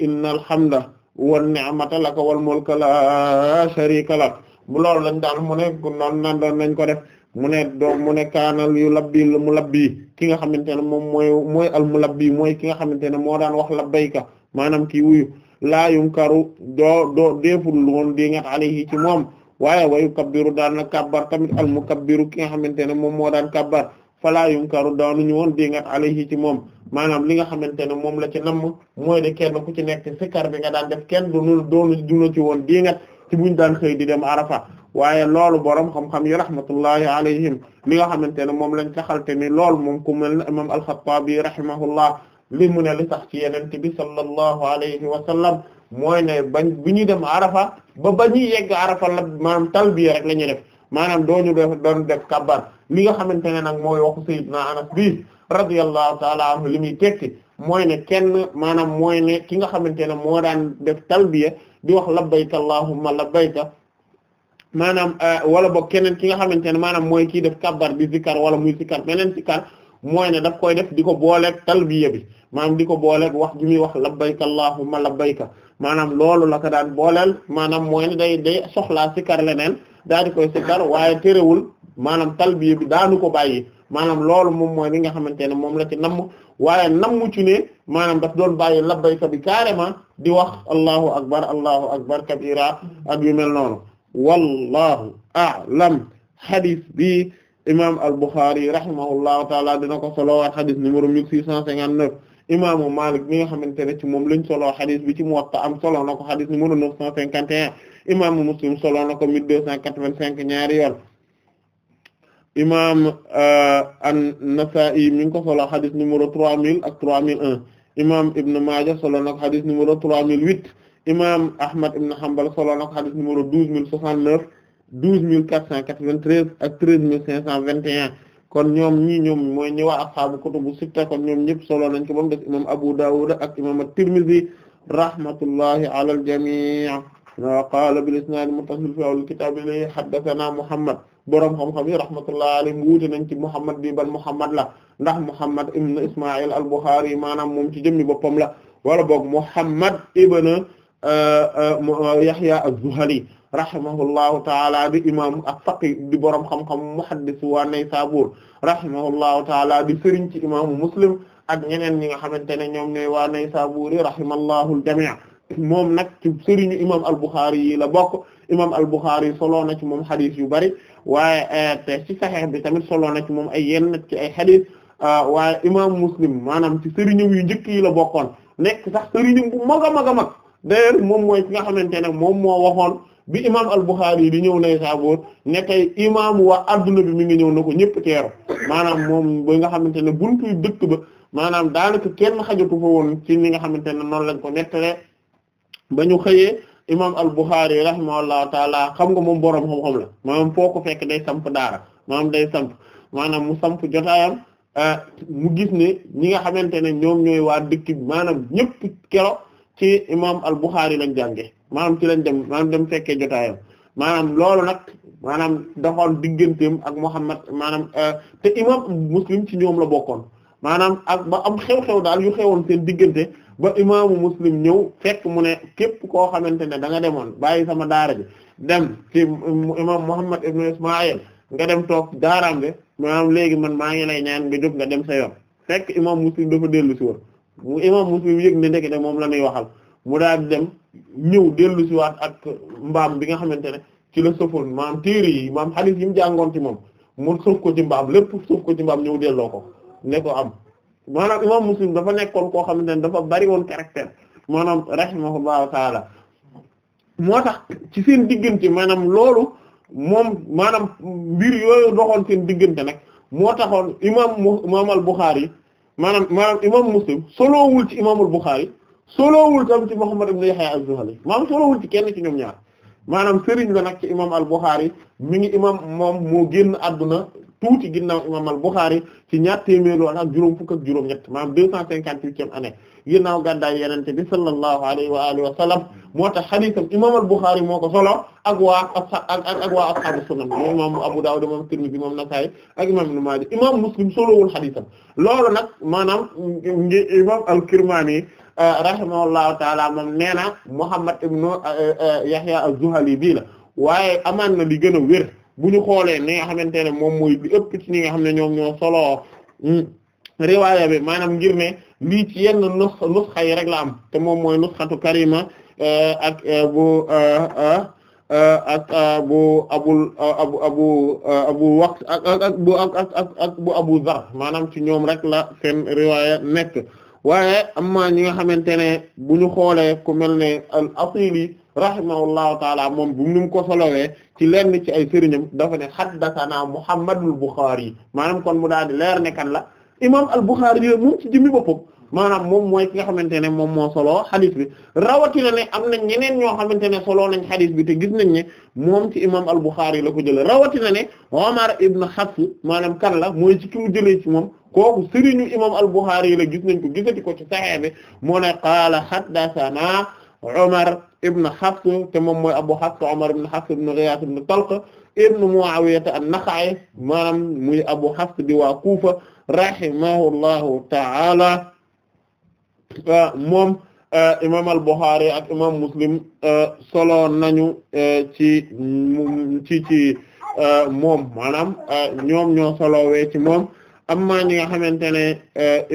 innal hamda wan ni'mata laka wal mulka la sharika lak bu loolu lañ daal mu ne noon naan nañ ko def mu ne doom mu ne kaanal yu labbi mu labbi ki nga xamante ne moom mooy mooy al mu labbi mooy ki nga xamante ne moo daan wax labbayka maanaam kii wuyu laa yunkaru doo doo deeful woon ci moom waaye wayu kabbiru daan na kabbar tamit al mukabbiru ki nga xamante ne moom moo daan kabbar falaa yunkaru daanuñu woon dingat alayhi ci moom maanaam li nga xamante ne moom la ci namm mooy de kenn ku ci nekk sikkar bi nga daan def kenn dunul doonu duna ci woon dingat ci buñ daan xëy di dem arafa waaye loolu borom xam-xam yi rahmatullahi alayhim li nga xamante ne moom lañ saxalte ni loolu moom ku mel ne imam al-Khattabi rahimahullah li mu ne li sax ci yenente bi sallallahu alayhi wa sallam mooy ne bañ bu ñuy dem arafa ba ba ñuy yegg arafa la maanaam talbiya rek la ñuy def maanaam dooñu def doon def kabbar li nga xamante ne nag mooy waxu sayyidina anas bi radiyallahu taala anhu li muy tekki mooy ne kenn maanaam mooy ne ki nga xamante ne moo daan def talbiya di wax labbayka allahumma labbayka maanaam euh, wala boog keneen ki nga xamante ne maanaam mooy kii def kabbar di zikar wala muy zikar beneen zikar mooy ne daf koy def di ko booleeg talbiya bi maanaam di ko booleeg wax ji muy wax labbayka allahumma labbayka maanaam loolu la ko daan booleel maanaam mooy day day soxlaa si kar leneen daal di koy si kar waaye terewul maanaam talbiya bi daanu ko bàyyi maanaam loolu moom mooy li nga xamante ne moom la ci namm waaye namm ci ne maanaam daf doon bàyyi labbayka bi carrément di wax allahu akbar allahu akbar kabira ak yu mel noonu wallahu a'lam hadith bi imam al-Bukhari rahimahullahu taala dina ko solowaat hadith numéro 1659 imaamu Malik bi nga xamante ne ci moom lañ soloo xadis bi ci Muwatta am solo na ko xadis numéro 951 imaamu Muslim solo na ko 1285 imaam euh, An-Nasa'i mi ngi ko solo xadis numéro 3000 ak 3001 imaam Ibn Maaja solo na ko xadis numéro 3008 imaam Ahmad Ibn Hanbal solo na ko xadis numéro 12069 12493 ak 13521. kon ñoom ñii ñoom mooy ñi waa ashaabu kutubu sitta kon ñoom ñëpp solo nañ ko moom def imam Abu Dawud ak imam at-Tirmidhi rahmatullahi ala al-jami' wa qaala bil isnaad muttasil fi awwal kitaab li haddathana Muhammad boroom xam-xam yi rahmatullahi alayhim nañ ci Muhammad bi ban Muhammad la ndax Muhammad ibn Isma'il al-Bukhari maanaam moom ci jëmmi boppam la wala boog Muhammad ibn uh, uh, uh, Yahya az-Zuhali rahimahullahu taala di imam ak faqih di borom xam-xam muhaddis waa Naysabur rahimahullahu taala di sëriñ ci imaamu muslim ak ñeneen ñi nga xamante ne ñoom ñooy waa Naysaburi rahimallahu al-jami' moom nag ci sëriñu imam al-Bukhari yi la bokk imam al-Bukhari solo na ci moom xadis yu bari waaye eh, te ci Sahih bi tamit na ci moom ay yenn ci ay xadis ah, waaye imam muslim maanaam ci sëriñam yu njëkk yi la bokkoon nekk sax sëriñam bu mag a mag a moom mooy ki nga xamante ne moom moo waxoon. bi imam al-Bukhari di ñëw na Naysabur ne tey imam waa adduna bi mi ngi ñëw na ko ñëpp teeru maanaam moom ba nga xamante ne buntu dëkk ba maanaam daanaka kenn xajatu fa woon ci ñi nga xamante ne noonu lañ ko nettalee ba ñu xëyee imam al-Bukhari rahimahullahu taala xam nga moom boroom xam-xam maanaam foo ko fekk day samp daara maanaam day samp maanaam mu samp jotaayam ah, mu gis ne ñi nga xamante ne ñoom ñooy waa dëkk maanaam ñëpp kero ci imam al Bukhari lañ jànge maanaam ci lañ dem maanaam dem fekkee jotaayam maanaam loolu nag maanaam doxoon digganteem ak Muhammad maanaam euh, te imam Muslim ci ñoom la bokkoon maanaam ak ba am xew-xew daal yu xewoon seen diggante ba imaamu Muslim ñëw fekk mu ne képp koo xamante ne da nga demoon bàyyi sama daara ji dem ci imam Muhammad ibn Ismaïl nga dem toog daaraam de maanaam léegi man maa ngi lay ñaan nga jóg nga dem sa yoon fekk imam Muslim dafa dellu si woon mu imam Muslim yëg ne ndekete moom la ñuy waxal mu daal di dem ñëw dellu si waat ak mbaam bi nga xamante ne ci la sofoon maam téere yi maam hadith yi mu jàngoon ci moom mu suuf ko ci mbaam lépp suuf ko ci mbaam ñëw delloo ko ne ko am maanaam imam Muslim dafa nekkoon koo xamante ne dafa bari woon caractère maanaam rahimahullahu taala moo tax ci seen diggante maanaam loolu moom maanaam mbir yooyu doxoon seen diggante nag moo taxoon imam imam al Bukhari maanaam maanaam imam Muslim soloowul ci imaamul Bukhari soloowul tam ci Muhammad ibn Yahya az-Zuhali maanaam soloowul ci kenn ci ñoom ñaar maanaam sëriñ la nag ci imam al Bukhari mi ngi imam moom moo génn àdduna tuuti ginnaaw imam al-Bukhari ci ñaar téeméeri ak juróom fukk ak juróom ñett maanaam deux cent cinquante-huitième année ginnaaw gàddaay yenente bi sallallahu alayhi wa alihi wa moo tax xadiisam imam al-Bukhari moo ko solo ak waa ak ak waa ashaabu sunan moom imam Abu Dawud moom Tirmidhi moom Nasa'i ak imam Ibn Maaja imam Muslim solowul xadiisam loolu nag maanaam ngi imam al-Kirmaani euh, rahimahullahu taala moom nee na Muhammad ibn euh, euh, Yahya az-Zuhali bii la waaye amaan na li gën a wér bu ñu xoolee ni nga xamante ne moom mooy li ëpp ci ñi nga xam ne ñoom ñoo solo hmm, riwaaya bi maanaam ngir ne lii ci yenn nus nusxa rek la am te moom mooy nusxatu karima eh, ak eh, bu eh, ak bu abul abu abu abu bu ak ak ak bu abu zar maanaam ci ñoom rek la seen riwaaya nekk waaye am ñi nga xamante ne bu ñu xoolee ku mel ne al asili rahimahullahu taala moom bu mu ko solowee ci lenn ci ay sëriñam dafa ne haddathana Muhammadul Bukhari maanaam kon mu daal di leer ne kan la imaam al Bukhari la moom ci jëmmi boppam maanaam moom mooy ki nga xamante ne moom moo solo xadis bi rawatina ne am na ñeneen ñoo xamante ne solo nañ xadis bi te gis nañ ne moom ci imaam al Bukhari la ko jëlee rawatina ne Omar ibn Hafs maanaam kan la mooy ci ki mu jëlee ci moom kooku sëriñu imaam al Bukhari la gis nañ ko gisati ko ci Sahih bi moo ne qaala haddathana Omar. ibn Hafs te moom mooy Abu Hafs Umar ibn Hafs ibn Ghiyath ibn Talq ibn Muawiya an-Nakha'i maanaam muy Abu Hafs di waa Kufa rahimahullahu ta'ala ah, moom ah, imam al-Bukhari ak imam Muslim ah, solo nañu mm, ci ci ci moom maanaam ñoom ñoo solowee ci moom amma ñi nga xamante ne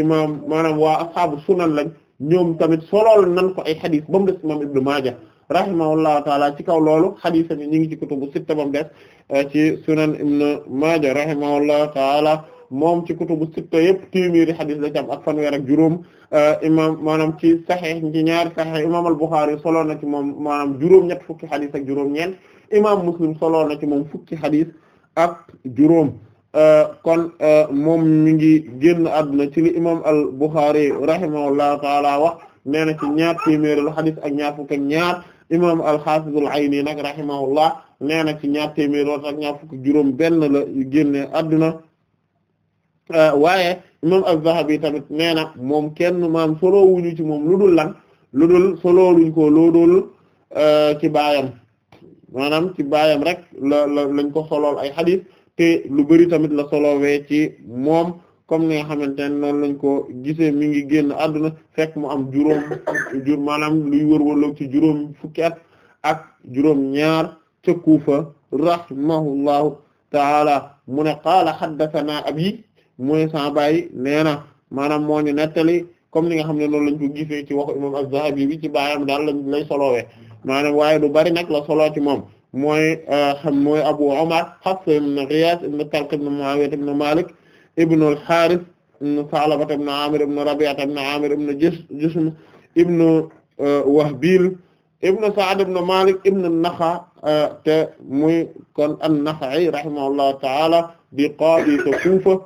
imam maanaam waa ashaabu sunan lañ ñoom tamit solool nan ko ay xadis ba mu des imam ibnu maaja rahimahullahu taala ci kaw loolu xadis yi ñu ngi ci kutubu sitta ba mu des eh, ci sunan ibnu maaja rahimahullahu taala moom ci kutubu sitta yëpp téeméeri xadis la ci am ak fanweer ak juróom eh, imam maanaam ci saxeex ci ñaari saxeex imam al-Bukhari solo na ci moom maanaam juróom-ñett fukki xadis ak juróom-ñeent imam Muslim solo na ci moom fukki xadis ak juróom Euh, kon euh, moom mi ngi génn àdduna ci li imam al Bukhari rahimahullahu taala wax nee na ci ñaar téeméerelu xadis ak ñaar fukk ñaar imam al Haafizul Ayni nag rahimahullah nee na ci ñaar téeméer ak ñaar fukk juróom benn la génne àdduna euh, waaye imam az-Zahabi tamit nee moom kenn maam solo wuñu ci moom lu dul lan lu dul solo luñ ko loo dul ci baayam maanaam ci baayam rek la la lañ ko solool ay xadis te lu bëri tamit la solowee ci moom comme ni nga xamante ne noonu lañ ko gisee mi ngi génn àdduna fekk mu am juróom maanaam luy ci juróom fukki ak juróom ñaar ca Kufa rahimahullahu taala mu ne qaala haddathana abi mooy sa baay nee na maanaam moo ñu nettali comme ni nga xam ne noonu lañ ko gisee ci waxu imam a zahabi bi ci baayam daal lañ lay solowee maanaam waaye lu bari nag la solo ci moom mooy euh, mooy Abu Umar Hafs ibn Ghiyath ibn Talq ibn Mu'awiya ibn Malik ibn al-Harith ibn Tha'laba ibn Amir ibn Rabi'a ibn Amir ibn Jushm ibn euh, Wahbil ibn Sa'd ibn Malik ibn an-Nakha euh, te muy kon an-Nakha'i rahimahullahu ta'ala di qaadi Kufa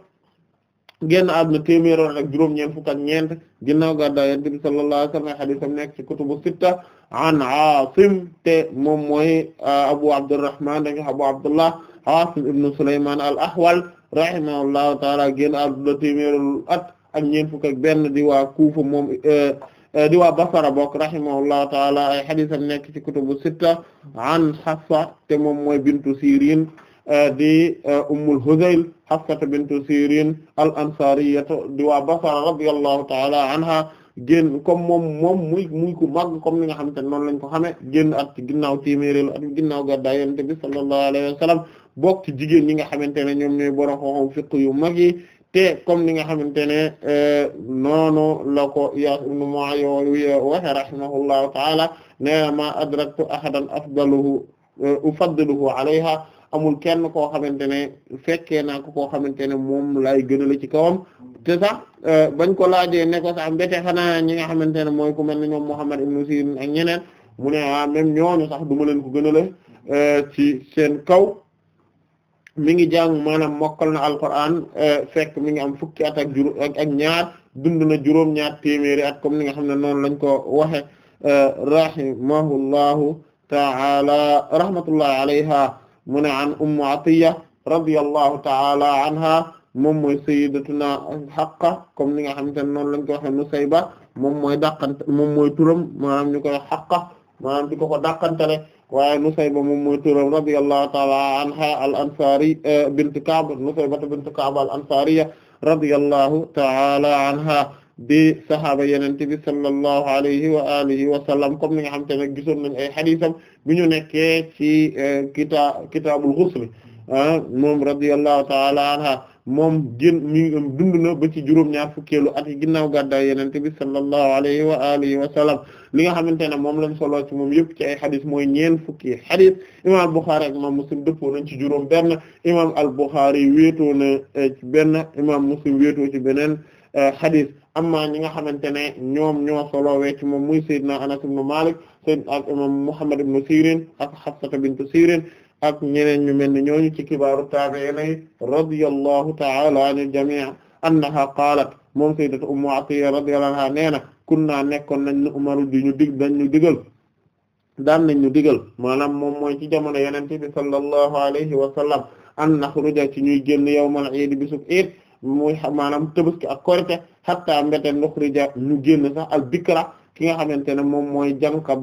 génn àdduna téeméer ak juróom-ñeent fukk ak ñeent ginnaaw gàddaay Yonent bi sallallahu alayhi wa sallam hadith am nekk ci kutubu sitta an Aasim te moom mooy ah, Abu Abdurrahman dañu Abu Abdullah Aasim ibn Sulaymaan al-Ahwal rahimahullahu ta'ala génn àdduna téeméer at ak ñeent fukk ak benn di waa Kuufa moom eh, eh, di waa Basra bokk rahimahullahu ta'ala ay hadith am nekk ci kutubu sitta an Hafsa te moom mooy bintu Sirin Eh, di eh, ummul Huzayl Hafsata bintu Sirin al ansariyatu di waa Basra radiyallahu ta'ala anha génn comme moom moom muy muy ku màgg comme ni nga xamante ne noonu lañ ko xamee génn at ginnaaw téeméeri at ginnaaw gàddaay Yonent bi sallallahu alayhi wa sallam bokk ci jigéen ñi nga xamante ne ñoom ñooy borom xam-xam fiqh yu mag yi comme ni nga xamante ne eh, noonu la ko Iyaas ibn Mu'aawiya waxe rahimahullahu ta'ala ne ma adraktu ahadan afdaluhu ufaddiluhu alayha amul kenn koo xamante ne fekkee naa ko koo xamante ne moom lay gënal ci kawam te sax euh, bañ ko laajee ne ko sax mbete xanaa ñi nga xamante ne mooy ku mel ne ñoom Muhammad ibn Sirin ak ñeneen mu ne ah même ñooñu sax du ma leen ko gënale euh, ci seen kaw mi ngi jàng maanaam mokkal na Alquran euh, fekk mi ngi am fukki at ak ak ñaar dund na juróom-ñaar téeméeri at comme ni nga xam ne noonu lañ ko waxe rahimahullahu ta'ala rahmatullahi alayha mu ne an ummu atiya radiyallahu taala anha moom mooy sayyidatuna xaqa comme ni nga xamante ne noonu lañ ko waxe Nusayba moom mooy dàqante moom mooy turam maanaam ñu koy xaqa maanaam di ko ko dàqantele waaye Nusayba moom mooy turam radiyallahu taala anha al ansari eh, bint Ka'b Nusayba bint Ka'b al ansariya radiyallahu taala anha di saxaaba yenente bi sallallahu alayhi wa alihi wa sallam comme ni nga xam te ne gisoon nañ ay xadiisam bi ñu nekkee ci euh, kita kitaabul ghusl ah, moom radiyallahu ta'ala anha moom gën mi dund na ba ci juróom-ñaar fukkeelu at yi ginnaaw gàddaay yenente bi sallallahu alayhi wa alihi wa sallam li nga xamante ne moom lañ solo ci moom yëpp ci ay xadis mooy ñeen fukki xadis imam Bukhari ak imam Muslim dëppoo nañ ci juróom benn imam al Bukhari wéetoo na eh, ci benn imam Muslim wéetoo ci beneen xadis euh, amma ñi nga xamante ne ñoom ñoo solowee ci moom muy Seydina Anas ibn Malik Seydina ak imam Muhammad ibn Sirin ak Hafsa bintu Sirin ak ñeneen ñu mel ni ñooñu ci kibaaru taabi'in radiyallahu ta'ala anil jami' annaha qaalat moom sayyidatu Ummu Atiyya radiyallahu anha nee na kunna nekkoon nañ ñu umaru di ñu dig dañ ñu digal daan nañ ñu digal maanaam moom mooy ci jamono yonent bi sallallahu alayhi wa sallam an ci ñuy génn yawmal iid bisub iid muy maanaam ki ak korite hatta mbete nuxrija ñu génn sax al bikra ki nga xamante ne moom mooy jànka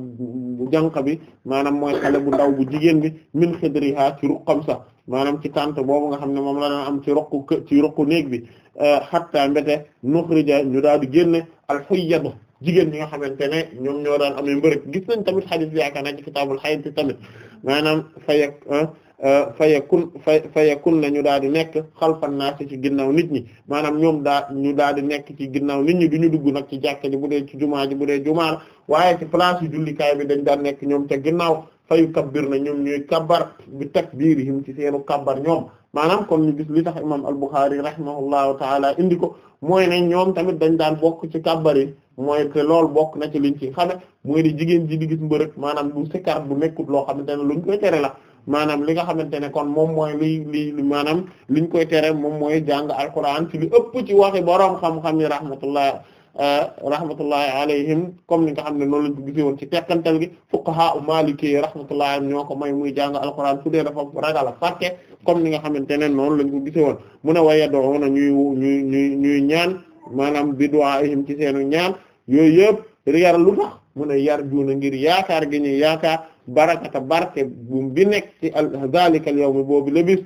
jànka bi maanaam mooy xale bu ndaw bu jigéen bi min xidriha ci ruqam sax maanaam ci tante boobu nga xam ne moom la am ci roqu ci roqu néeg bi euh, hatta mbete nuxrija ñu daal di génne al xuyyadu jigéen ñi nga xamante ne ñoom ñoo daan amee mbërëk gis nañ tamit xadis bi yaakaar naa ci kitaabul xayd tamit maanaam fayek Euh, fayakun fay kun na ñu daal di nekk xalfan naas ci ginnaaw nit ñi maanaam ñoom daa ñu daal di nekk ci ginnaaw nit ñi du ñu dugg nag ci jàkk ji bu dee ci jumaa ji bu dee jumaa la waaye ci place yu jullikaay bi dañ daan nekk ñoom ca ginnaaw fayu kabbir na ñoom ñuy kabbar bi takbiirihim ci seenu kabbar ñoom maanaam kon ñu gis li tax imaam al-Bukhârî rahimahullahu taala indi ko mooy ne ñoom tamit dañ daan bokk ci kabbar mooy te loolu bokk na ci liñ ci xame mooy di jigéen ji di gis mbërëg maanaam du sikar du nekkut loo xamante ne luñ koy tere la maanaam li nga xamante ne kon moom mooy li li maanaam liñ koy tere moom mooy jàng alquran ci li ëpp ci waxi boroom xam-xam yi rahmatullah euh, rahmatullahi alayhim comme ni nga xam ne noonu lañ ko gisee woon ci tekkantal gi fuqaha u maliki rahmatullahi am ñoo ko moy muy jàng alquran su dee dafa ragal a fàtte comme ni nga xamante ne noonu lañ ko gisee woon mu ne waye doona ñuy ñuy ñuy ñuy ñaan maanaam biduwaayihim ci seenu ñaan yooyu yëpp yar lu tax mu ne yar juuna ngir yaakaar gi yaakaar barakata barke bi nekk ci zalika al yawm boobu la bis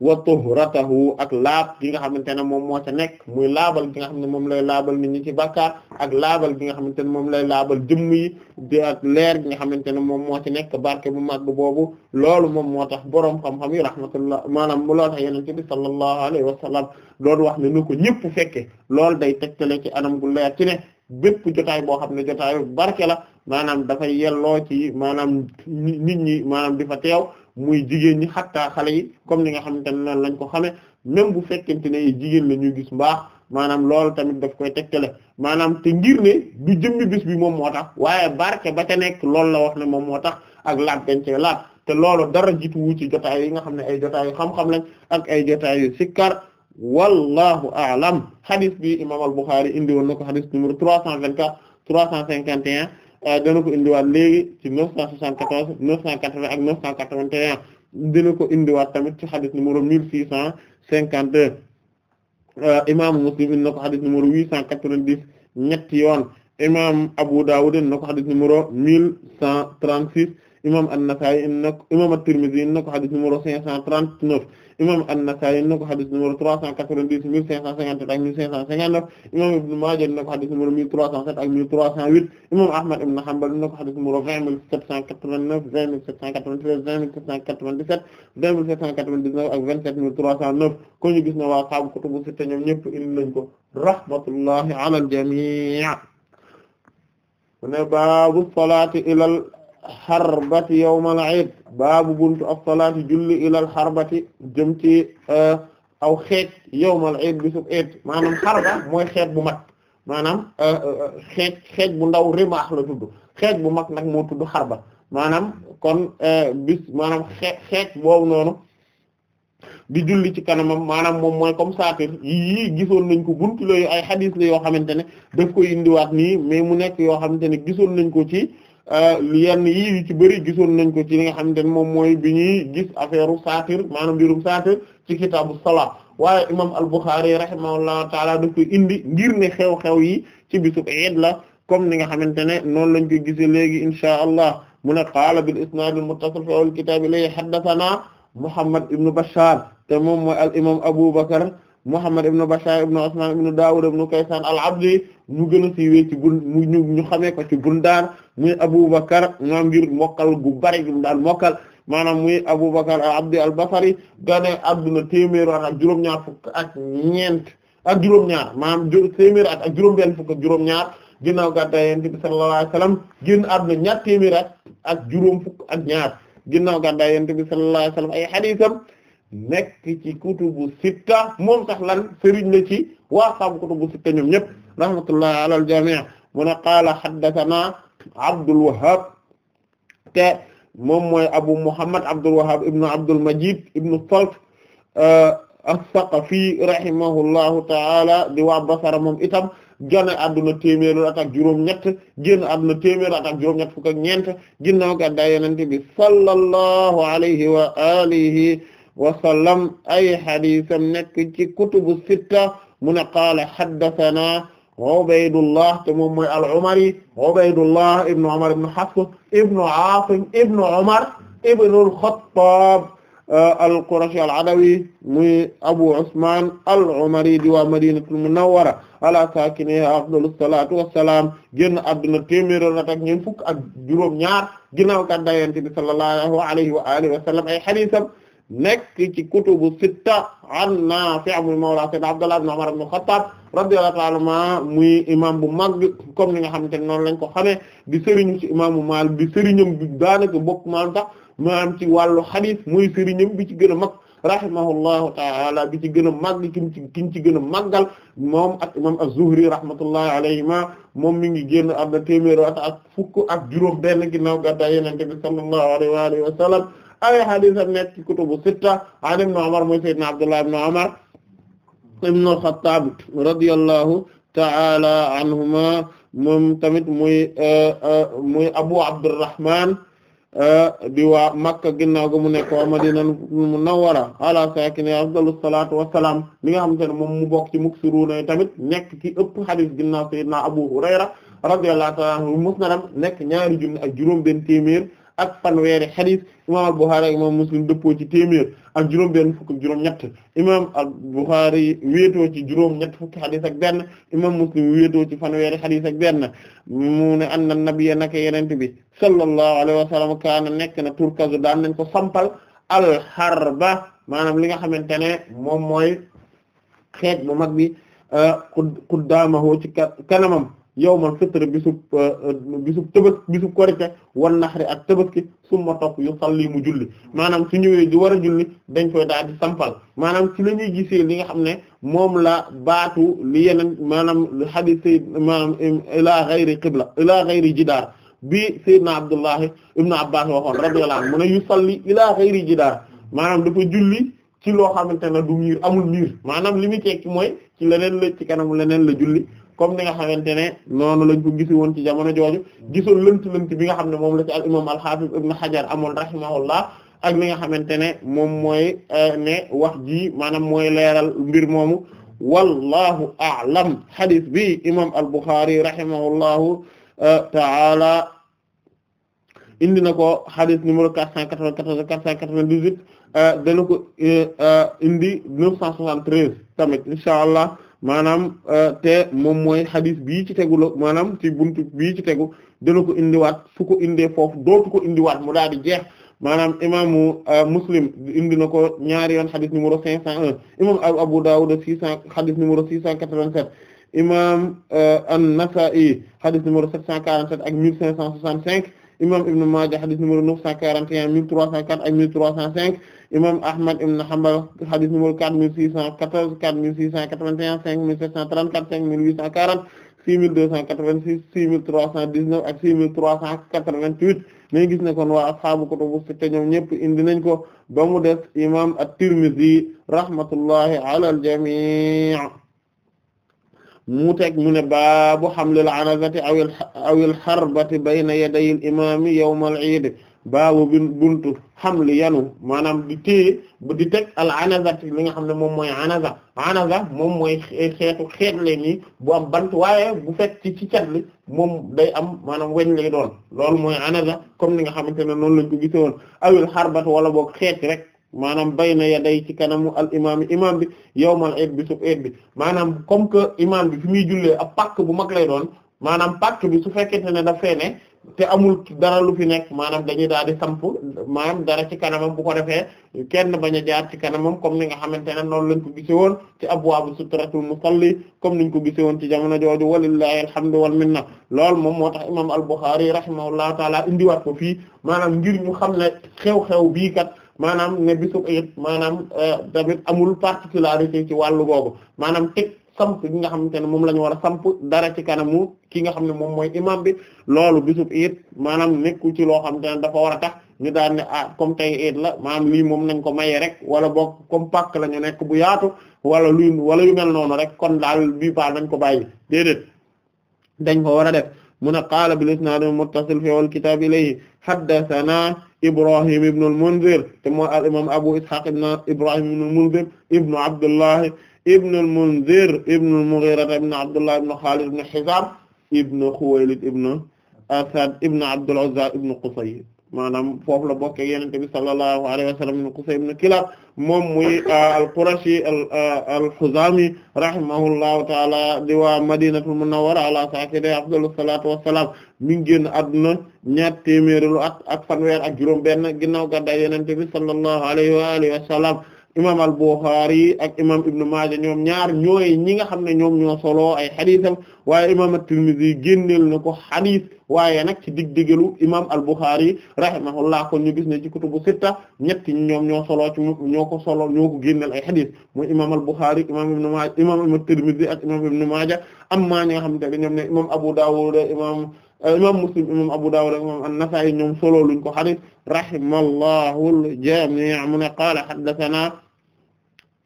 wa tuhratahu ak laab gi nga xamante ne moom moo ca nekk muy laabal gi nga xam ne moom lay laabal nit ñi ci bakkaar ak laabal gi nga xamante ne moom lay laabal jëmm yi di leer gi nga xamante ne moom moo ci nekk barke bu màgg boobu loolu moom moo tax boroom xam-xam yi rahmatullah maanaam mu lool tax yenente bi sallallahu alayhi wa sallam doon wax ne nu ko ñëpp fekke loolu day tegtale ci anam gu leer ci ne bépp jotaay boo xam ne jotaay barke la maanaam dafay yelloo ci maanaam nit ñi maanaam di fa teew muy jigéen ñi xattaa xale yi comme ni nga xamante ne noonu lañ ko xamee même bu fekkente ne jigéen la ñuy gis mbaax maanaam loolu tamit daf koy tegtale maanaam te ngir ne du jëmmi bis bi moom moo tax waaye barke ba ca nekk loolu la wax ne moom moo tax ak laab gàncax laab te loolu dara jiitu wu ci jotaay yi nga xam ne ay jotaayu xam-xam lañ ak ay jotaayu sikkar wallahu a'lam hadith bi imam al i indi woon na ko hadith numéro 324 351. Euh, dana ko indiwaat léegi ci 974 980 ak 981 dina ko indiwaat tamit ci xadis numéro 1652 euh, imaamu Muslim indi na ko xadis numéro 890 ñetti yoon imaam Abu Dawud indi na ko xadis numéro 1136 imaam An-Nasa'i indi na ko imaam At-Tirmidhi indi na ko xadis numéro 539 imam An-Nasa'i na ko xadis numéro 390 1557 ak 1559 imam Ibn Maaja na ko xadis numéro 1307 ak 1308 imam Ahmad ibn Hanbal na ko xadis numéro 20789 20793 20797 20799 ak 27309 ko ñu gis na waa xaabu kutubu sitta ñoom ñëpp indi nañ ko rahmatullahi ala al-jami' ne baabu salaati ilal xarbati yawmal iid baabu buntu as-salaati julli ilal xarbati jëm ci eh, aw xeet yawmal iid bisub iid maanaam xarba mooy xeet bu mag maanaam xeet eh, eh, xeet bu ndaw rimaax la tudd xeet bu mag nag moo tudd xarba maanaam kon bis maanaam xeet xeet boobu noonu di julli ci kanamam maanaam moom mooy comme saatir yii gisoon nañ ko buntu la ay xadiis la yoo xamante ne daf koy indiwaat nii mais mu nekk yoo xamante ne gisoon nañ ko ci. Euh, yenn yi ci bëri gisoon nañ ko ci li nga xam ne moom mooy bi ñuy gis affaire saatir maanaam birum saatir ci kitaabu salaa waaye imam al-Bukhari rahimahullahu taala daf ko indi ngir ne xew-xew yi ci bisub eed la comme ni nga xamante ne noonu lañ koy gisee léegi inshaa allah mu ne qaala bil isnaad al muttasil fi awwal kitaab ilayhi haddathanaa Muhammad ibn Bashar te moom mooy al imam Abu Bakr Muhammad ibn Bashar ibn Usman ibn Dawud ibn Kaysan al-Abdi ñu gën a siiwee ci bun ñu ñu xamee ko ci Bundar muy Abubakar maam ngir mokkal gu bari gi mu daan mokkal maanaam muy Abubakar al-Abdi al-Basri gane adduna téeméer ak juróom-ñaar fukk ak ñeent ak juróom-ñaar maanaam téeméer at ak juróom-benn fukk ak juróom-ñaar ginnaaw gàddaay Yonent bi sallallahu alayhi wasallam génn adduna ñaar téeméer ak juróom fukk ak ñaar ginnaaw gàddaay Yonent bi sallallahu alayhi wasallam ay hadiisam nekk ci kutubu sitta moom tax lan sëriñ la ci waa saabu kutubu sitta ñoom ñëpp rahmatullahi ala al jami' mu ne qaala haddathana Abdul Wahhab te moom mooy Abu Muhammad Abdul Wahhab ibnu Abdul Majid ibnu a euh, as-Saqafi rahimahullahu ta'ala di waa Basra moom itam génn àdduna téeméer at ak juróom-ñett génn àdduna téeméer at ak juróom-ñett fukk ak ñeent ginnaaw gàddaay Yonent bi sallallahu alayhi wa wa sallam ay xadisam nekk ci kutubu sitta mu ne qaala haddathana Ubaydullah te moom mooy al-Umari Ubaydullah ibnu Umar ibnu Hafs ibnu Aasim ibnu Umar ibnu al-Khattab uh, al-Qurashi al-Adawi muy Abu Usman al-Umari di waa Madinatul Munawwara ala saakinihaa afdalu salaatu wa salaam génn àdduna téeméer ak ñeent fukk ak juróom-ñaar ginnaaw gàddaay Yonent bi sallallahu alayhi wa alihi wa sallam ay hadiisam nekk ci kutubu sitta an Naafi' muy mawla sayyidina Abdullah ibn Umar ibn Khattab radiyallahu ta'ala anhuma muy imam bu mag comme ni nga xam ne noonu lañ ko xamee di sëriñu ci imaamu maal bi sëriñam bi daanaka bokk maanaam sax maanaam ci wàllu xadiis muy sëriñam bi ci gën a mag rahimahullahu ta'ala bi ci gën a màgg kim ci kim ci gën a màggal moom ak imam az-Zuhri rahmatullahi alayhima moom mi ngi génn am na téeméer at ak fukk ak juróom benn ginnaaw gàddaay Yonent bi sallallahu alayhi wa alihi ay hadisam nekk ci kutubu sitta an ibn Umar mooy sayyidina Abdullah ibn Umar ibn al-Khattab radiyallahu ta'ala anhuma moom tamit muy eh, eh, muy Abu Abdurrahman eh, di waa Makka ginnaaw ga mu nekk waa Madina Munawwara ala saakini afdalu salaatu wa salaam li nga xamante ne moom mu bokk ci muksiruna tamit nekk ci ëpp hadis ginnaaw sayyidina Abu Hurayra nekk ñaari junni ak juróom benn ak fanweeri xadis imam al-Bukhari ak imam Muslim dëppoo ci téeméer ak juróom benn fukk ak imam al-Bukhari wéetoo ci juróom fukki xadis ak benn imam Muslim wéetoo ci fanweeri xadis ak benn mu ne anna nabiyya naka yenente bi sallallahu alayhi wa sallam kaana nekk na turkazu daan nañ ko sampal alxarba maanaam li nga xamante ne moom mooy xeet bu mag bi euh, quddaamahu ci kanamam yawmal fitr bisub euh, euh, bisub tëbës bisub korite wan naxari ak tëbaski summa topp yu salli mu julli maanaam su ñëwee di war a julli dañ koy daal di sampal maanaam ci la ñuy gisee li nga xam ne moom la baatu li yeneen maanaam hadith maanaam ila ghayri qibla ila ghayri jidaar bi sayyidna Abdullahi ibn Abbas waxoon radiyallahu anhu mu ne yu salli ila ghayri jidaar maanaam dafa julli ci loo xamante ne du miir amul miir maanaam li muy tekki mooy ci leneen la ci kanam leneen la julli comme ni nga xamante ne noonu lañ ko gisi woon ci jamono jooju gisoon lënt-lënt bi nga xam ne moom la ci al imam al-Hafiz ibn Hajar amoon rahimahullah ak li nga xamante ne moom mooy eh, ne wax ji maanaam mooy leeral mbir moomu wallahu a'lam hadith bi imam al-Bukhari rahimahullahu eh, ta'ala indi na ko hadith numéro 494 498 eh, dana ko indi 973 tamit allah maanaam euh, te moom mooy xadis bii ci tegu la maanaam ci buntu bii ci tegu dana ko indiwaat su ko indee foofu dootu ko indiwaat mu daal di jeex maanaam imaamu euh, muslim indi na ko ñaari yoon xadis numéro 501 imam Abu Dawud 600 xadis numéro 687 imam euh, an-Nasa'i xadis numéro 747 ak 1565 imam Ibn Maaja xadis numéro 941 1304 ak 1305. imam Ahmad ibn Hanbal hadith numéro 4614 4681 5734 5840 6286 6319 ak 6388 nañ gis ne kon waa ashaabu kutubu sitta ñoom ñëpp indi nañ ko ba mu des imam at-Tirmidhi rahmatullahi ala al-jami' mu teg mu ne baabu hamlil anazati aw al harbati bayna yaday al imami yawm al-eid baabu buntu xamli yanu maanaam di téye ba di teg al anaza li nga xam ne moom mooy anaza anaza moom mooy xeetu xeet le nii bu am bant waaye bu fekk ci ci catli moom day am maanaam weñ lay doon loolu mooy anaza comme ni nga xamante ne noonu lañ ko gise woon awil xarbat wala boog xeet rek maanaam bay na ya day ci kanamu al imaam imaam bi yowmal eid bi suf eid bi maanaam comme que imaam bi fi muy jullee ab pàkk bu mag lay doon maanaam pàkk bi su fekkente ne daf fee ne te amul dara lu fi nekk maanaam dañuy daal di samp maanaam dara ci kanamam bu ko defee kenn bañ a jaar ci moom comme ni nga xamante ne noonu lañ ko gise woon ci abwaabu sutratul musalli comme niñ ko gise woon ci jamono jooju walillahi alhamdu wal minna lool moom moo tax imam al-Bukhari rahimahullahu taala indiwaat ko fii maanaam ngir ñu xam ne xew-xew bii kat maanaam ne bisu it maanaam eh, tamit amul particularité ci wàllu googu maanaam teg samp gi nga xamante ne moom la ñu war a samp dara ci kanamu ki nga xam ne moom mooy imam bi loolu bisub iid maanaam nekku ci loo xamante ne dafa war a tax ñu daal ne ah comme tey iid la maanaam lii moom nañ ko maye rek wala boog comme pàkk lañu nekk bu yaatu wala luy wala yu mel noonu rek kon daal bii baax nañ ko bàyyi déedéet dañ ko war a def mun a qaala bil isnaad muttasil fi wal kitaab ilayhi haddasanaa Ibrahim ibn al-Munzir te mooy al imaam Abu Ishaq ibn Ibrahim ibn al ibn al-Mundhir ibn al-Mughira ibn Abdullah ibn Khalid ibn Hizam ibn Khuwaylid ibn Asad ibn Abdul Uzza ibn Qusay maanaam foofu la bokk ak Yonent bi sallallahu alayhi wa sallam ibn Qusay ibn Kilab moom muy <coughs> ah, al-Qurashi ah, al-Khuzami rahimahullahu ta'ala di waa Madinatul Munawwara ala saakinihaa afdalu salaatu wa salaam mi ngi génn àdduna ñaar téeméeri at ak fanweer ak juróom-benn ginnaaw gàddaay Yonent bi sallallahu alayhi wa alihi wa sallam imam al-Bukhari ak imam Ibn Maaja ñoom ñaar ñooy ñi nga xam ne ñoom ñoo solo ay xadisam waaye imam at-Tirmidhi génneel nu ko xadis waaye nag ci digdigalu imam al-Bukhari rahimahullah kon ñu gis ne ci kutubu sitta ñetti ñoom ñoo solo ci ñoo ko solo ñoo ko génneel ay xadis mooy imam al-Bukhari imam Ibn Maaja imam at-Tirmidhi ak imam Ibn Maaja xam ne ñoom ne imam Abu Dawud imam Euh, imam Muslim imam Abu Dawud ak imam An-Nasa'i ñoom solo luñ ko hadith rahimallahu al-jami' mu ne qaala haddathana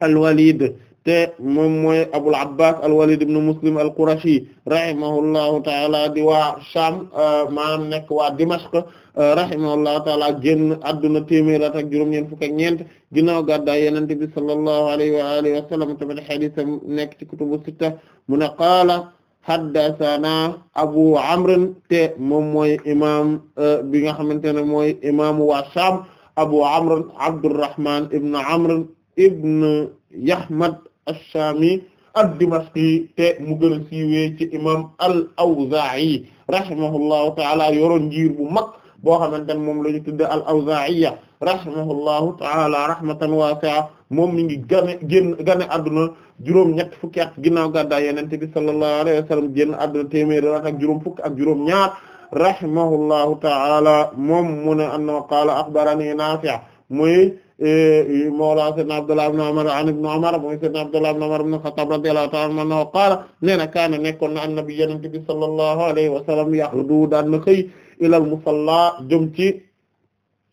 al-Walid te moom mooy Abul Abbas al-Walid ibn Muslim al-Qurashi rahimahullahu ta'ala di waa Sham euh, maanaam nekk waa Dimashq euh, rahimahullahu ta'ala génn adduna téeméer ak juróom-ñeent fukk ak ñeent ginnaaw gàddaay Yonent bi sallallahu alayhi wa alihi wa sallam tamit hadith am nekk ci kutubu sitta mu ne qaala haddathana abu amr te moom mooy imam euh, bi nga xamante ne mooy imaamu waa Sham abu amr abdurrahman ibn amr ibn yahmad ash-Shami ad-Dimashqi te mu gën a siiwee ci imam al-Awza'i rahimahullahu ta'ala yoroon njiir bu mag boo xamante ne moom la ñu tudde al-Awza'iyya rahimahullahu ta'ala rahmatan wasi'a moom mi ngi gane génn gane adduna juróom ñett fukki at ginnaaw gàddaay yonent bi sallallahu alayhi wa sallam génn adduna téeméeri at ak juróom fukk ak juróom ñaar rahimahullahu ta'ala moom mu ne anna qaala akhbarani Naafi' muy e, mawla sayyidina Abdullah ibn Umar an ibn Umar muy sayyidina Abdullah ibn Umar ibn Khattab radiyallahu ta'ala anhu qaala nee na kaana nekkoon na annabi yonent bi sallallahu alayhi wa sallam yaghdu daan na xëy ilal musalla jëm ci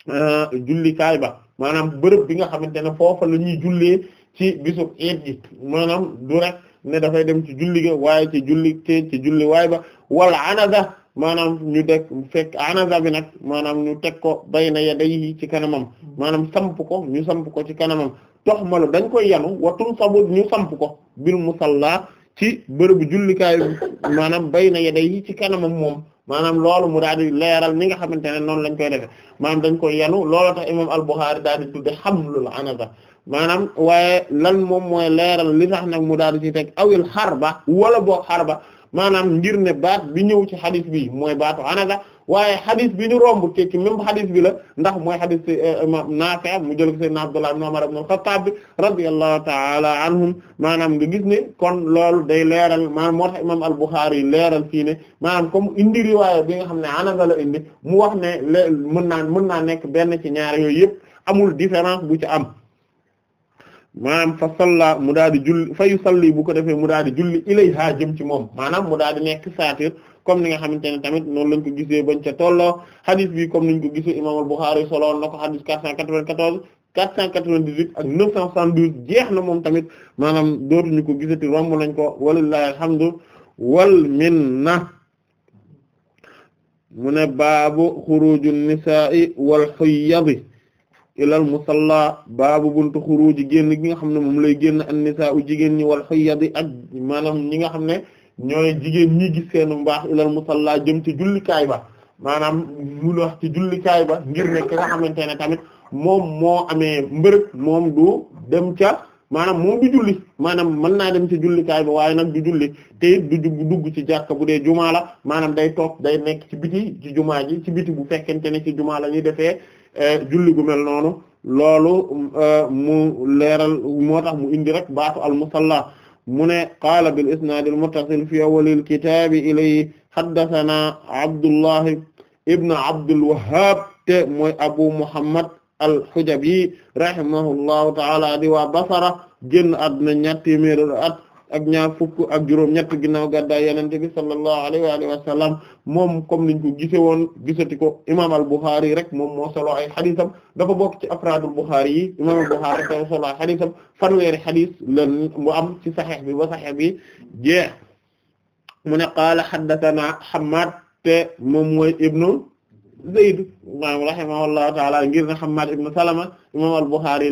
e, jullikaay ba maanaam bërëb bi nga xamante ne foofa la ñuy jullee ci bisub iid gi maanaam du rek ne dafay dem ci julli ga waaye ci julli te ci julli waay ba wala anaza maanaam ñu deg fekk anaza bi nag maanaam ñu teg ko bay na ya day ci kanamam maanaam samp ko ñu samp ko ci kanamam tox malu dañ koy yanu watum sabut ñu samp ko bil musalla ci bërëbu jullikaayu maanaam bay na yedey yi ci kanamam moom maanaam loolu mu daal di leeral ni nga xamante ne noonu lañ koy defee maanaam dañ koy yanu looloo tax imam al-Bukhari daal di tudde hamlul anaba maanaam waaye lan moom mooy leeral li tax nag mu daal di ci teg awil xarba wala boo xarba maanaam ngir ne baat bi ñëw ci hadith bi mooy baatu anaba waaye xadis bi ñu romb ci même xadis bi la ndax mooy xadis ci eh, mu jël ko sayyidina Abdullah ibn Umar ibn al-Khattab radiyallahu ta'ala anhum maanaam nga gis ni kon loolu day leeral maanaam moo tax imam al-Bukhari yi leeral fii ne maanaam comme indi riwaaya bi xam ne ananga indi mu wax ne l mën naa mën naa nekk benn ci ñaar yooyu yëpp amul différence bu ci am maanaam fa salla mu daal di julli fa yusalli bu ko defee mu daal di julli ilayha jëm ci moom maanaam mu daal di nekk saatir comme ni nga xamante ne tamit noonu lañ ko gisee bañ ca tollo hadith bi comme niñ ko gisee imaamul Bukhari soloon na ko hadith 494 498 ak 972 jeex na moom tamit maanaam dootuñu ko gisati romb nañ ko walillahi alhamdu wal minna mu ne baabu xuruju nisaa'i wal xuyyadi ilal musalla baabu buntu xuruji génn gi nga xam ne moom lay génn an nisaa'u jigéen ñi wal xuyyadi ak maanaam ñi nga xam ne ñooy jigéen ñi gis seenu mbaax ilal musalla jëm ci jullikaay ba maanaam mu ci jullikaay ba ngir ne ki nga xamante ne tamit moom moo amee mbërëg moom du dem ca maanaam moom du julli maanaam mën naa dem ci jullikaay ba waaye nag du julli te it du dugg ci jàkka bu dee jumaa la maanaam day toog day nekk ci biti ci jumaa ji ci biti bu fekkente ne ci jumaa la ñuy defee eh, julli gu noonu loolu eh, mu leeral moo tax mu indi rek baatu al musalla mu ne qaala bil isnaad al muttasil fi awwalil kitaabi ilayhi haddasanaa Abdullahi Ibn Abdul Wahhab te mooy Abu Muhammad al Hujabi rahimahullahu ta'ala di waa Basra génn àdduna ñaar téeméer at. ak ñaar fukk ak juróom-ñett ginnaaw gàddaay yenente bi sallallahu alayhi wa alihi wa sallam moom comme niñ ko gise woon gisati ko imam al Bukhari rek moom moo solo ay xadisam dafa bokk ci afraadul Bukhari yi imam al Bukhari rek solo ay xadisam fanweeri xadis lan mu am ci saxeex bi ba saxeex bi jeex mu ne qaala xadatana Hammad te moom mooy ibnu Zayd maanaam rahimahullahu taala ngir ne Hammad ibn Salama imam al-Bukhari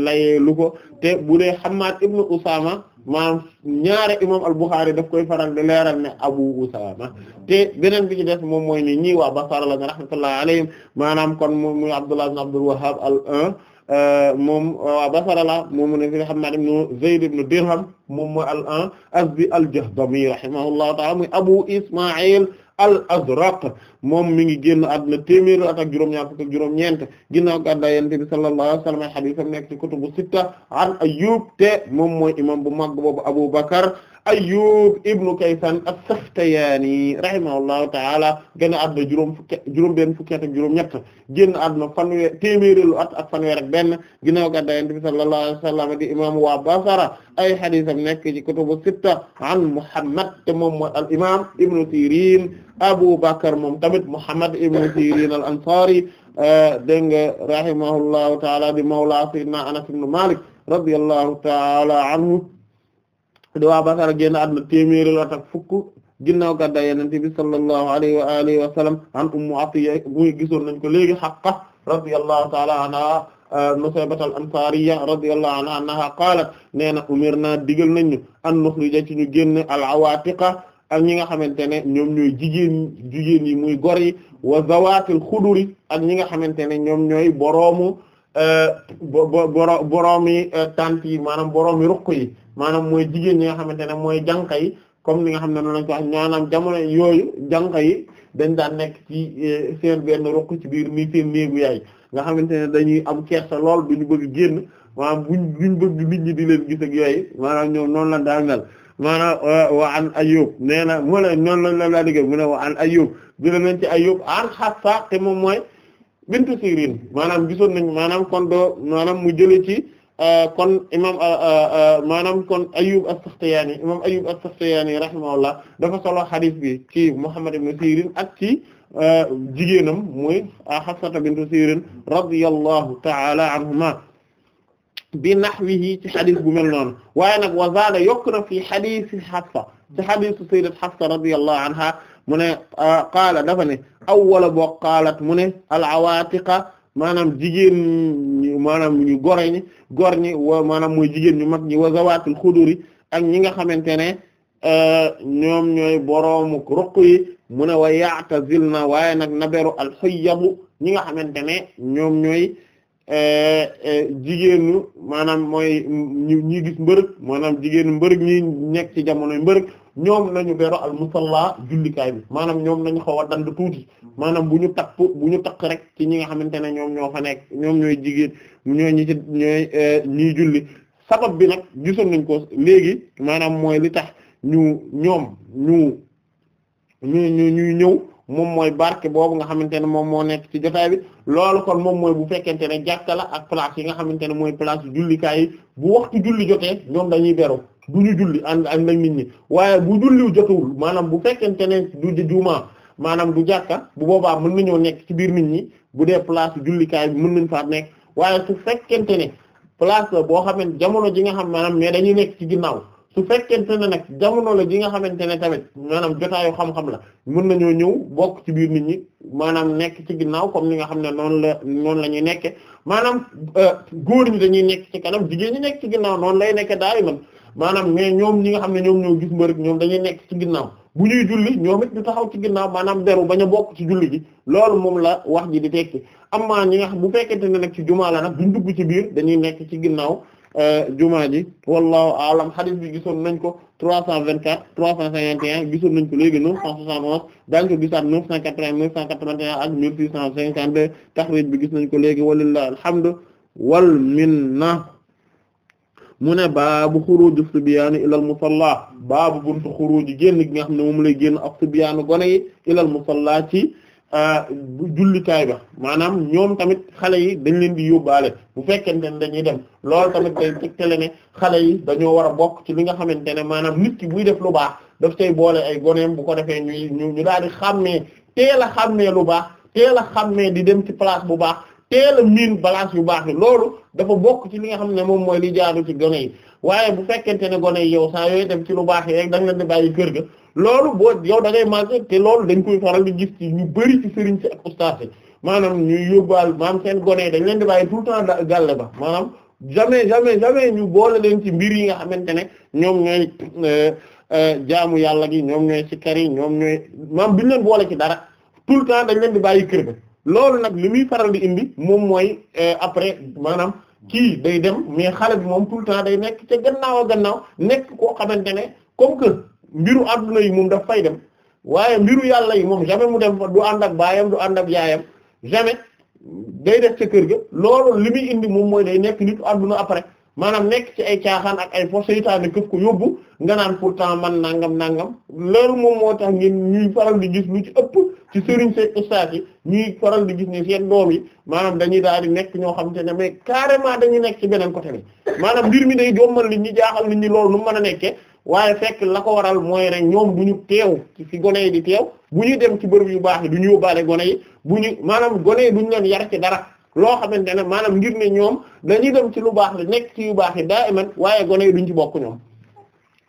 te bu dee Hammad ibn Usama maanaam ñaare imam al-Bukhari daf koy faral di leeral ne Abu Usama te beneen bi ci des moom mooy ni wa ba Basra la rahmatullahi alayhim maanaam kon moom muy Abdullah ibn Abdul Wahhab al euh, moom waa Basra la moom mu ne fi Hammad ibn Zayd ibn Dirham al euh, jahdami rahimahullahu taala muy Abu Isma'il al-Azraq moom mi ngi génn àdduna téeméer at ak juróom-ñaar fukk ak juróom-ñeent ginnaaw gàddaay Yonent bi sallallahu alayhi wa sallam ay hadiisam nekk ci kutubu sitta an Ayyub te moom mooy imam bu mag boobu Abu Bakr Ayyub ibnu Kaysan as-Sakhtiyani rahimahullahu ta'ala génn àdduna juróom fukki juróom benn fukki at ak juróom ñett génn àdduna fanweer téeméeréelu at ak fanweer ak benn ginnaaw gàddaay Yonent bi sallallahu alayhi wa sallam di imam waa Basra ay hadiisam nekk ci kutubu sitta an Muhammad te moom mooy al imam ibnu Sirin Abu Bakr moom tamit Muhammad ibnu Sirin al Ansari eh, dégg nga rahimahullahu ta'ala di mawla sayyidina Anas ibn Malik radiyallahu ta'ala anhu di waa Basra génn àdduna téeméeri at ak fukk ginnaaw gàddaay Yonent bi sallallahu alayhi wa alihi wa sallam an Ummu Atiyya muy gisoon nañ ko léegi Hafsa radiyallahu ta'ala anha Nusaybat al-Ansariya radiyallahu anha annaha qaalat nee na umirna digal nañ ñu an nukhrija ci ñu génn al-awaatiqa ak ñi nga xamante ne ñoom ñooy jigéen jigéen yi muy gor yi wa zawaatil xuduri ak ñi nga xamante ne ñoom ñooy boroomu eh, boroomi eh, tant yi maanaam boroomi ruq yi maanaam mooy jigéen ñi nga xamante ne mooy jànq yi comme ni nga xam ne noonu lañ ko wax maanaam jamono yooyu jànq yi dañ daan nekk ci eh, seen benn rokk ci biir nii seen néegu yaay nga xamante ne dañuy am kersa lool duñu bëgg génn maanaam buñ buñ bëgg nit ñi di leen gis ak yooyu maanaam ñoom noonu la daan mel maanaam eh, wa an Ayyub nee na mu ne noonu lañ la laa digé mu ne wa an Ayyub jëlee nañ ci Ayyub an Hafsa te moom mooy bintu Sirin maanaam gisoon nañ maanaam kon doo maanaam mu jëlee ci Euh, kon imam euh, euh, maanaam kon Ayyub as-Sakhtiyani imam Ayyub as-Sakhtiyani rahimahullah dafa solo xadis bi ci Muhammad ibn Sirin ak ci jigéenam muy Hafsata bintu Sirin radiyallahu ta'ala anhuma bi nahwihi ci xadis bu mel noonu waaye nag wa zaada yokk na fi xadisi Hafsa ci xadisu sayyidat Hafsa radiyallahu anha mu ne qaala dafa ne awwala boo qaalat mu ne al-awaatiqa maanaam jigéen ñu maanaam ñu gore ñi gor ñi wa maanaam mooy jigéen ñu mag ñi wa zawaatul xuduri ak ñi nga xamante ne euh, ñoom ñooy boroomu ruq yi mu ne wa ya'tazilna waaye nag naberu alxoyabu ñi nga xamante ne ñoom ñooy euh, euh, jigéenu maanaam mooy ñu ñi gis mbërëg maanaam jigéenu mbërëg ñi nekk ci jamonoy mbërëg ñoom nañu bero al musalla jullikaay bi maanaam ñoom nañu xaw a dand tuuti maanaam bu ñu takk bu ñu takk rek ci ñi nga xamante ne ñoom ñoo fa nekk ñoom ñooy jigéen ñooy ñi ci ñooy euh, ñiy julli sabab bi nag gisoon nañ ko léegi maanaam mooy li tax ñu ñoom ñu ñu ñu ñuy ñëw moom mooy barke boobu nga xamante ne moom moo nekk ci jotaay bi loolu kon moom mooy bu fekkente ne jàkka ak place yi nga xamante ne mooy place jullikaay yi bu waxtu julli jotee ñoom dañuy beru du ñu julli ànd ak nag nit ñi waaye bu julliw jotawul maanaam bu fekkente ne du jumaa maanaam du jàkka bu boobaa mën nañoo nekk ci biir nit ñi bu dee place jullikaay bi mën nañ faa nekk waaye su fekkente ne place la boo jamono ji nga xam maanaam mais dañuy nekk ci ginnaaw su fekkente ne nag jamono la ji nga xamante ne tamit maanaam jotaayu xam-xam la mën nañoo ñëw bokk ci biir nit ñi maanaam nekk ci ginnaaw comme ni nga xam ne noonu la noonu la ñuy nekke maanaam euh, góor ñi dañuy nekk ci kanam jigéen ñi nekk ci ginnaaw noonu lay nekk daal man maanaam mais ñoom ñi nga xam ne ñoom ñoo gis mbërëg ñoom dañuy nekk ci ginnaaw bu ñuy julli ñoom ñu taxaw ci ginnaaw maanaam deru bañ a bokk ci julli gi loolu moom la wax ji di tekki amma ñi nga xam bu fekkente ne nag ci jumaa la nag duñ dugg ci biir dañuy nekk ci ginnaaw euh, jumaa ji wallahu alam hadith bi gisoon nañ ko 324 351 gisoon nañ ko léegi 971 daañu ko gisaat 980 981 ak 1652 taxrij bi gis nañ ko léegi walillahi alhamdu wal minna mu ne baabu xuruuju subyaani ilal musalla baabu buntu xuruuju génn gi nga xam ne moom lay génn ak subyaanu gone yi ilal musalla ci ah, jullikaay ba maanaam ñoom tamit xale yi dañ leen di yóbbaale bu fekkente ne dañuy dem loolu tamit day tegtale ne xale yi dañoo war a bokk ci li nga xamante ne maanaam nit ki buy def lu baax daf tay boole ay goneem bu ko defee ñuy ñu ñu daal di xàmmee teel a xàmmee lu baax teel xam xàmmee di dem ci place bu baax teel a miin balance yu baax yi loolu dafa bokk ci li nga xam ne moom mooy li jaaru ci gone yi waaye bu fekkente ne gone yi yow saa yooyu dem ci lu baax yi rek da nga bàyyi kër ga loolu boo yow da ngay manqué te loolu dañ koy faral di gis ci ñu bëri ci sëriñ si ak ustaas maanaam ñuy yóbbaal maanaam seen gone yi dañ leen di bàyyi tout le temps gàlle ba maanaam jamais jamais jamais ñu boole leen ci mbir yi nga xamante ne ñoom ñooy euh, euh, jaamu yàlla gi ñoom ñooy ci kër yi ñoom ñooy maam biñu leen boole ci dara tout le temps dañ leen di bàyyi kër loolu nag li muy faral di indi moom mooy euh, après maanaam kii day dem mais xale bi moom tout le temps day nekk ca gannaaw a gannaaw nekk koo xamante ne comme que mbiru adduna yi moom daf fay dem waaye mbiru yàlla yi moom jamais mu dem fa du ànd ak baayam du ànd ak yaayam jamais day def ca kër ga loolu li muy indi moom mooy day nekk nitu adduna après maanaam nekk ci ay caaxaan ak ay fo seytaane këf ko yóbbu nga naan temps man nangam nangam leer moom moo tax ngeen ñuy faral di gis lu ci ëpp ci sëriñ seeg ustaas yi ñuy faral di gis ne seen doom yi maanaam dañuy daal di nekk ñoo xam te ne mais carrément dañu nekk ci beneen côté bi maanaam mbir mi day jommal li ñu jaaxal nit ñi loolu nu mën a nekkee waaye fekk la ko waral mooy rek ñoom du ñu teew ci fi gone yi di teew bu ñuy dem ci bërëb yu baax yi du ñu yóbbaale gone yi bu ñu maanaam gone duñu leen yar ci dara loo xamante ne maanaam ngir ne ñoom dañuy dem ci lu baax la nekk ci yu baax yi daa iman waaye gone yi duñ ci bokk ñoom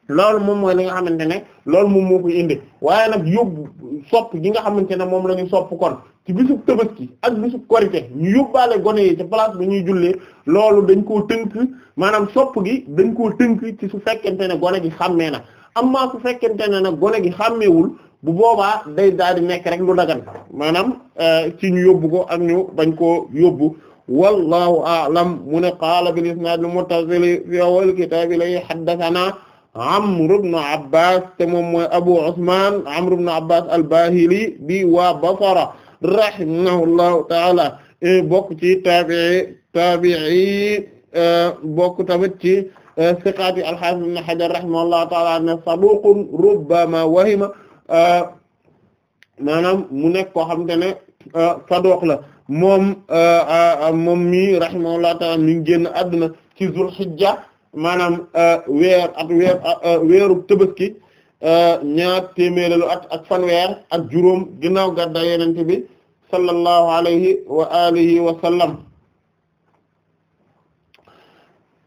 loolu moom mooy li nga xamante ne loolu moom moo koy indi waaye nag yóbbu sopp gi nga xamante ne moom la ñu sopp kon ci bisub Tabaski ak bisub Korité ñu yóbbaale gone yi ci place bi ñuy jullee loolu dañ koo tënk maanaam sopp gi dañ koo tënk ci su fekkente ne gone gi xàmmee na amma su fekkente ne nag gone gi xàmmeewul bu boobaa day daal di nekk rek lu dagan maanaam euh, ci ñu yóbbu ko ak ñu bañ koo yóbbu wallahu a'lam mu ne qaala bil isnaad al muttasil fi awwal kitaab lay haddathana Amr ibn Abbas te moom Abu Usman Amr ibn Abbas al bi waa Basra rahimahullahu ta'ala e, bokk ci taabi'i taabi'i e, bokk tamit ci e, siqaati al-Hafiz ta'ala ne saduqun rubbama wahima Euh, maanaam mu nekk koo xamante ne sadoox euh, la moom euh, moom mi rahimahullahu ta'ala mi ngi génn àdduna ci zulhijja maanaam weer at weer weeru tëbaski ñaar téeméeralu at ak fanweer ak juróom ginnaaw gàddaay yonent bi sallallahu alayhi wa alihi wa sallam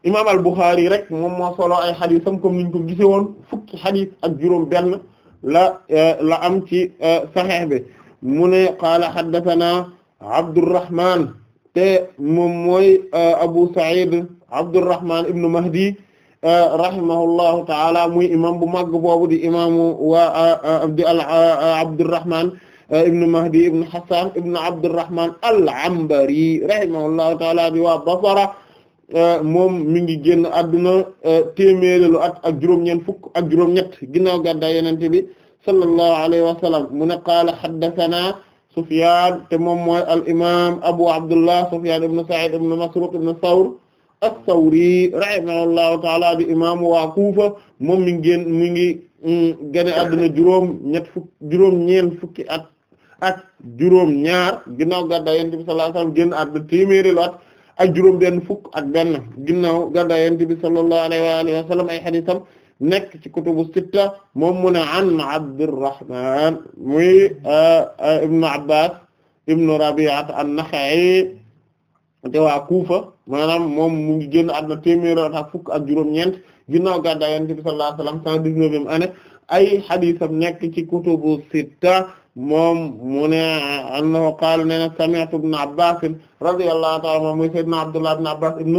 imaam al Bukhari rek moom moo solo ay xadisam comme niñ ko gise woon fukki xadis ak juróom benn la euh, la am ci euh, saxeex bi mu ne qaala haddathana Abdurrahman te moom mooy euh, Abu Sa'id Abdurrahman ibn Mahdi rahimahullahu ta'ala muy imam bu màgg boobu di imaamu waa di al Abdurrahman ibn Mahdi ibn Hassan ibn Abdurrahman al-Anbari rahimahullahu ta'ala di waa Basra Euh, moom mi ngi génn adduna euh, téeméerelu at ak juróom fukk ak juróom-ñett ginnaaw gàddaay yenente bi sallallahu alayhi wa sallam mu ne qaala haddathana Sufyan te moom mooy al imam Abu Abdullah Sufyan ibn Sa'id ibn Masruq ibn Thawr as-Sawri rahimahullahu ta'ala di imam waa Kufa moom mi ngi génn mi ngi mm, génn adduna juróom ñett fukki at ak juróom ñaar ginnaaw gàddaay yenente bi sallallahu alayhi wa sallam génn adduna at ak juróom benn fukk ak benn ginnaaw gàddaay Yonent bi sallallahu alayhi wa alihi wa sallam ay xadiisam nekk ci kutubu sitta moom mu ne an Abdurrahman muy euh, ibnu Abbas ibnu Rabi'at an-Nakha'i te waa Kufa maanaam moom mu ngi génn àdduna téeméer ak fukk ak juróom-ñeent ginnaaw gàddaay Yonent bi sallallahu alayhi wa sallam cent ay xadiisam nekk ci kutubu sitta moom mu ne annahu qaala nee na sami'tu ibn Abbaas radiyallahu ta'ala anhu muy sayyidina Abdullah ibn Abbaas ibn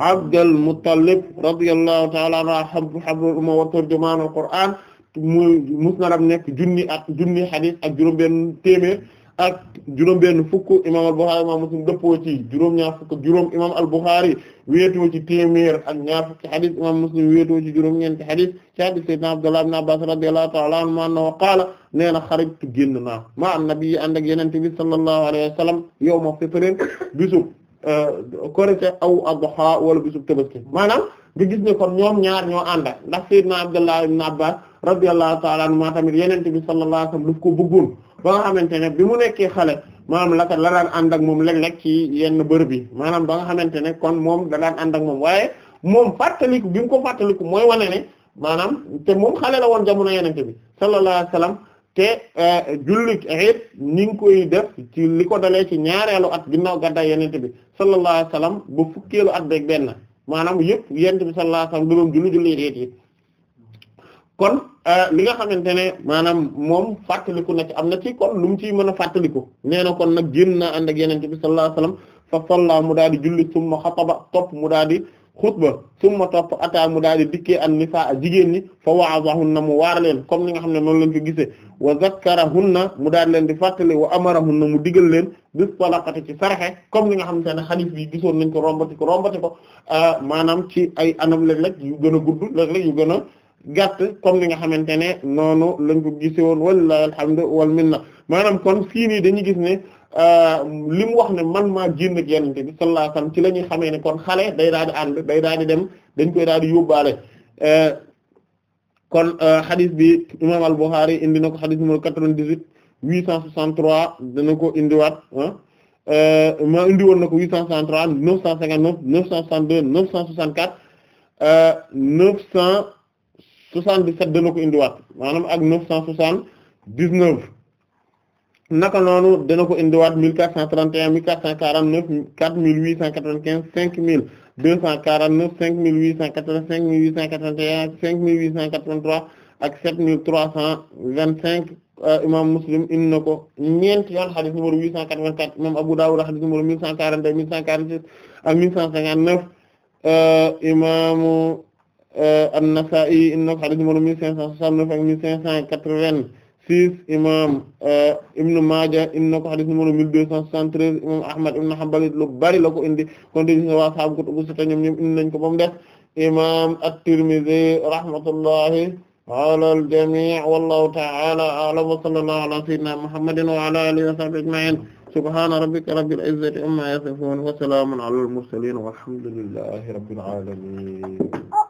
Abdul Muttalib radiyallahu ta'ala anhu habrul umma wa turjumaanul Qur'aan muy musnadam nekk junni ak junni xadis ak juróom-benn téeméer ak juróom-benn fukk imaam al-Bukhari imaam Muslim dëppoo ci juróom-ñaar fukk juróom imaam al-Bukhari wéetoo ci téeméer ak fukki xadis imaam Muslim wéetoo juróom-ñeenti xadis ci xadis sayyidina Abdullah ibn Abbas radiyallahu ta'ala anhuma wa qaala nee na xarajtu génn naa ma an-nabi ànd ak yonent bi sallallahu alayhi wa sallam yawma fitrin bisub euh, korite aw adha wala bisub tabaski maanaam nga gis ne kon ñoom ñaar ñoo ànda ndax sayyidina Abdullah ibn Abbas radiyallahu ta'ala anhuma tamit yonent bi sallallahu alayhi wa sallam daf ko bëggoon ba nga xamante ne bi mu nekkee xale maam la la daan ànd ak moom léeg-léeg ci yenn bërëb yi maanaam ba nga xamante ne kon moom da daan ànd moom waaye moom fàttaliku bi mu ko fàttaliku mooy wane ne maanaam te moom xale la woon jamono yenente bi sallallahu alayhi wasallam te eh, jullit it ñi koy def ci li ko dalee ci ñaareelu at ginnaaw gadda yenente bi sallallahu alayhi wasallam ba fukkeelu at beeg benn maanaam yëpp yenente bi sallallahu alayhi wasallam da doon julli julli it yi kon euh, li nga xamante ne maanaam moom fàttaliku na ci am na ci lu mu ciy mën a fàttaliku nee na kon nag génn naa ànd ak yenente bi sallallahu alayhi wasallam fa salla mu daal di julli summa xataba topp mu daal di xutba summa topp ataa mu daal di dikkee an nisaa jigéen ñi fa wa'azahunna mu waar leen comme li nga xam ne noonu lañ ko gisee wa zakkarahunna mu daal leen di fàttali wa amarahunna mu digal leen bis salaqati ci saraxe comme li nga xamante ne hadith bi gisoon nañ ko rombati ko rombati ko euh, maanaam ci ay anam léeg-léeg yu gën a gudd léeg-léeg yu gën a gàtt comme ni nga xamante ne noonu lañ ko gise woon walilahi alhamdu wal minna maanaam kon fii nii dañuy gis ne euh, li mu wax ne man maa génn ak yenante bi sallallahu alayhi wasallam ci la ñuy xamee ne kon xale day daal di day daal di dem dañ koy daal di yóbbaale euh, kon hadith euh, bi imam al-Bukhari indi na ko hadith numéro 98 863 dana ko indiwaat ma indi woon na ko 863 959 962 964 900 77 dana ko indiwaat maanaam ak 979 naka noonu dana ko indiwaat 1431 1449 4895 5000 249 5885 5881 5883 ak 7325 euh, imam Muslim indi na ko ñeenti yoon xadis numéro 884 imam Abu Dawud xadis numéro 1142 1146 ak 1159 euh, imaamu. Euh, an-Nasa'i inna ko xadis numéro mille cinq cent soixante-neuf ak mille cinq cent quatre-vingt-six imam euh, Ibn Maaja inna ko xadis numéro mille deux cent soixante-treize imam Ahmad ibn Hanbal lu bari la ko indi kon di waa sahab kutubu sitta ñoom ñoom indi nañ ko bam def imam at-Tirmidhi rahmatullahi ala al-jami' wallahu ta'ala a'lam wa sallallahu ala sayyidina Muhammadin wa ala alihi wa sahbihi ajma'in subhana rabbika rabbil izzati amma yasifun wa salamun ala al-mursalin walhamdulillahi rabbil alamin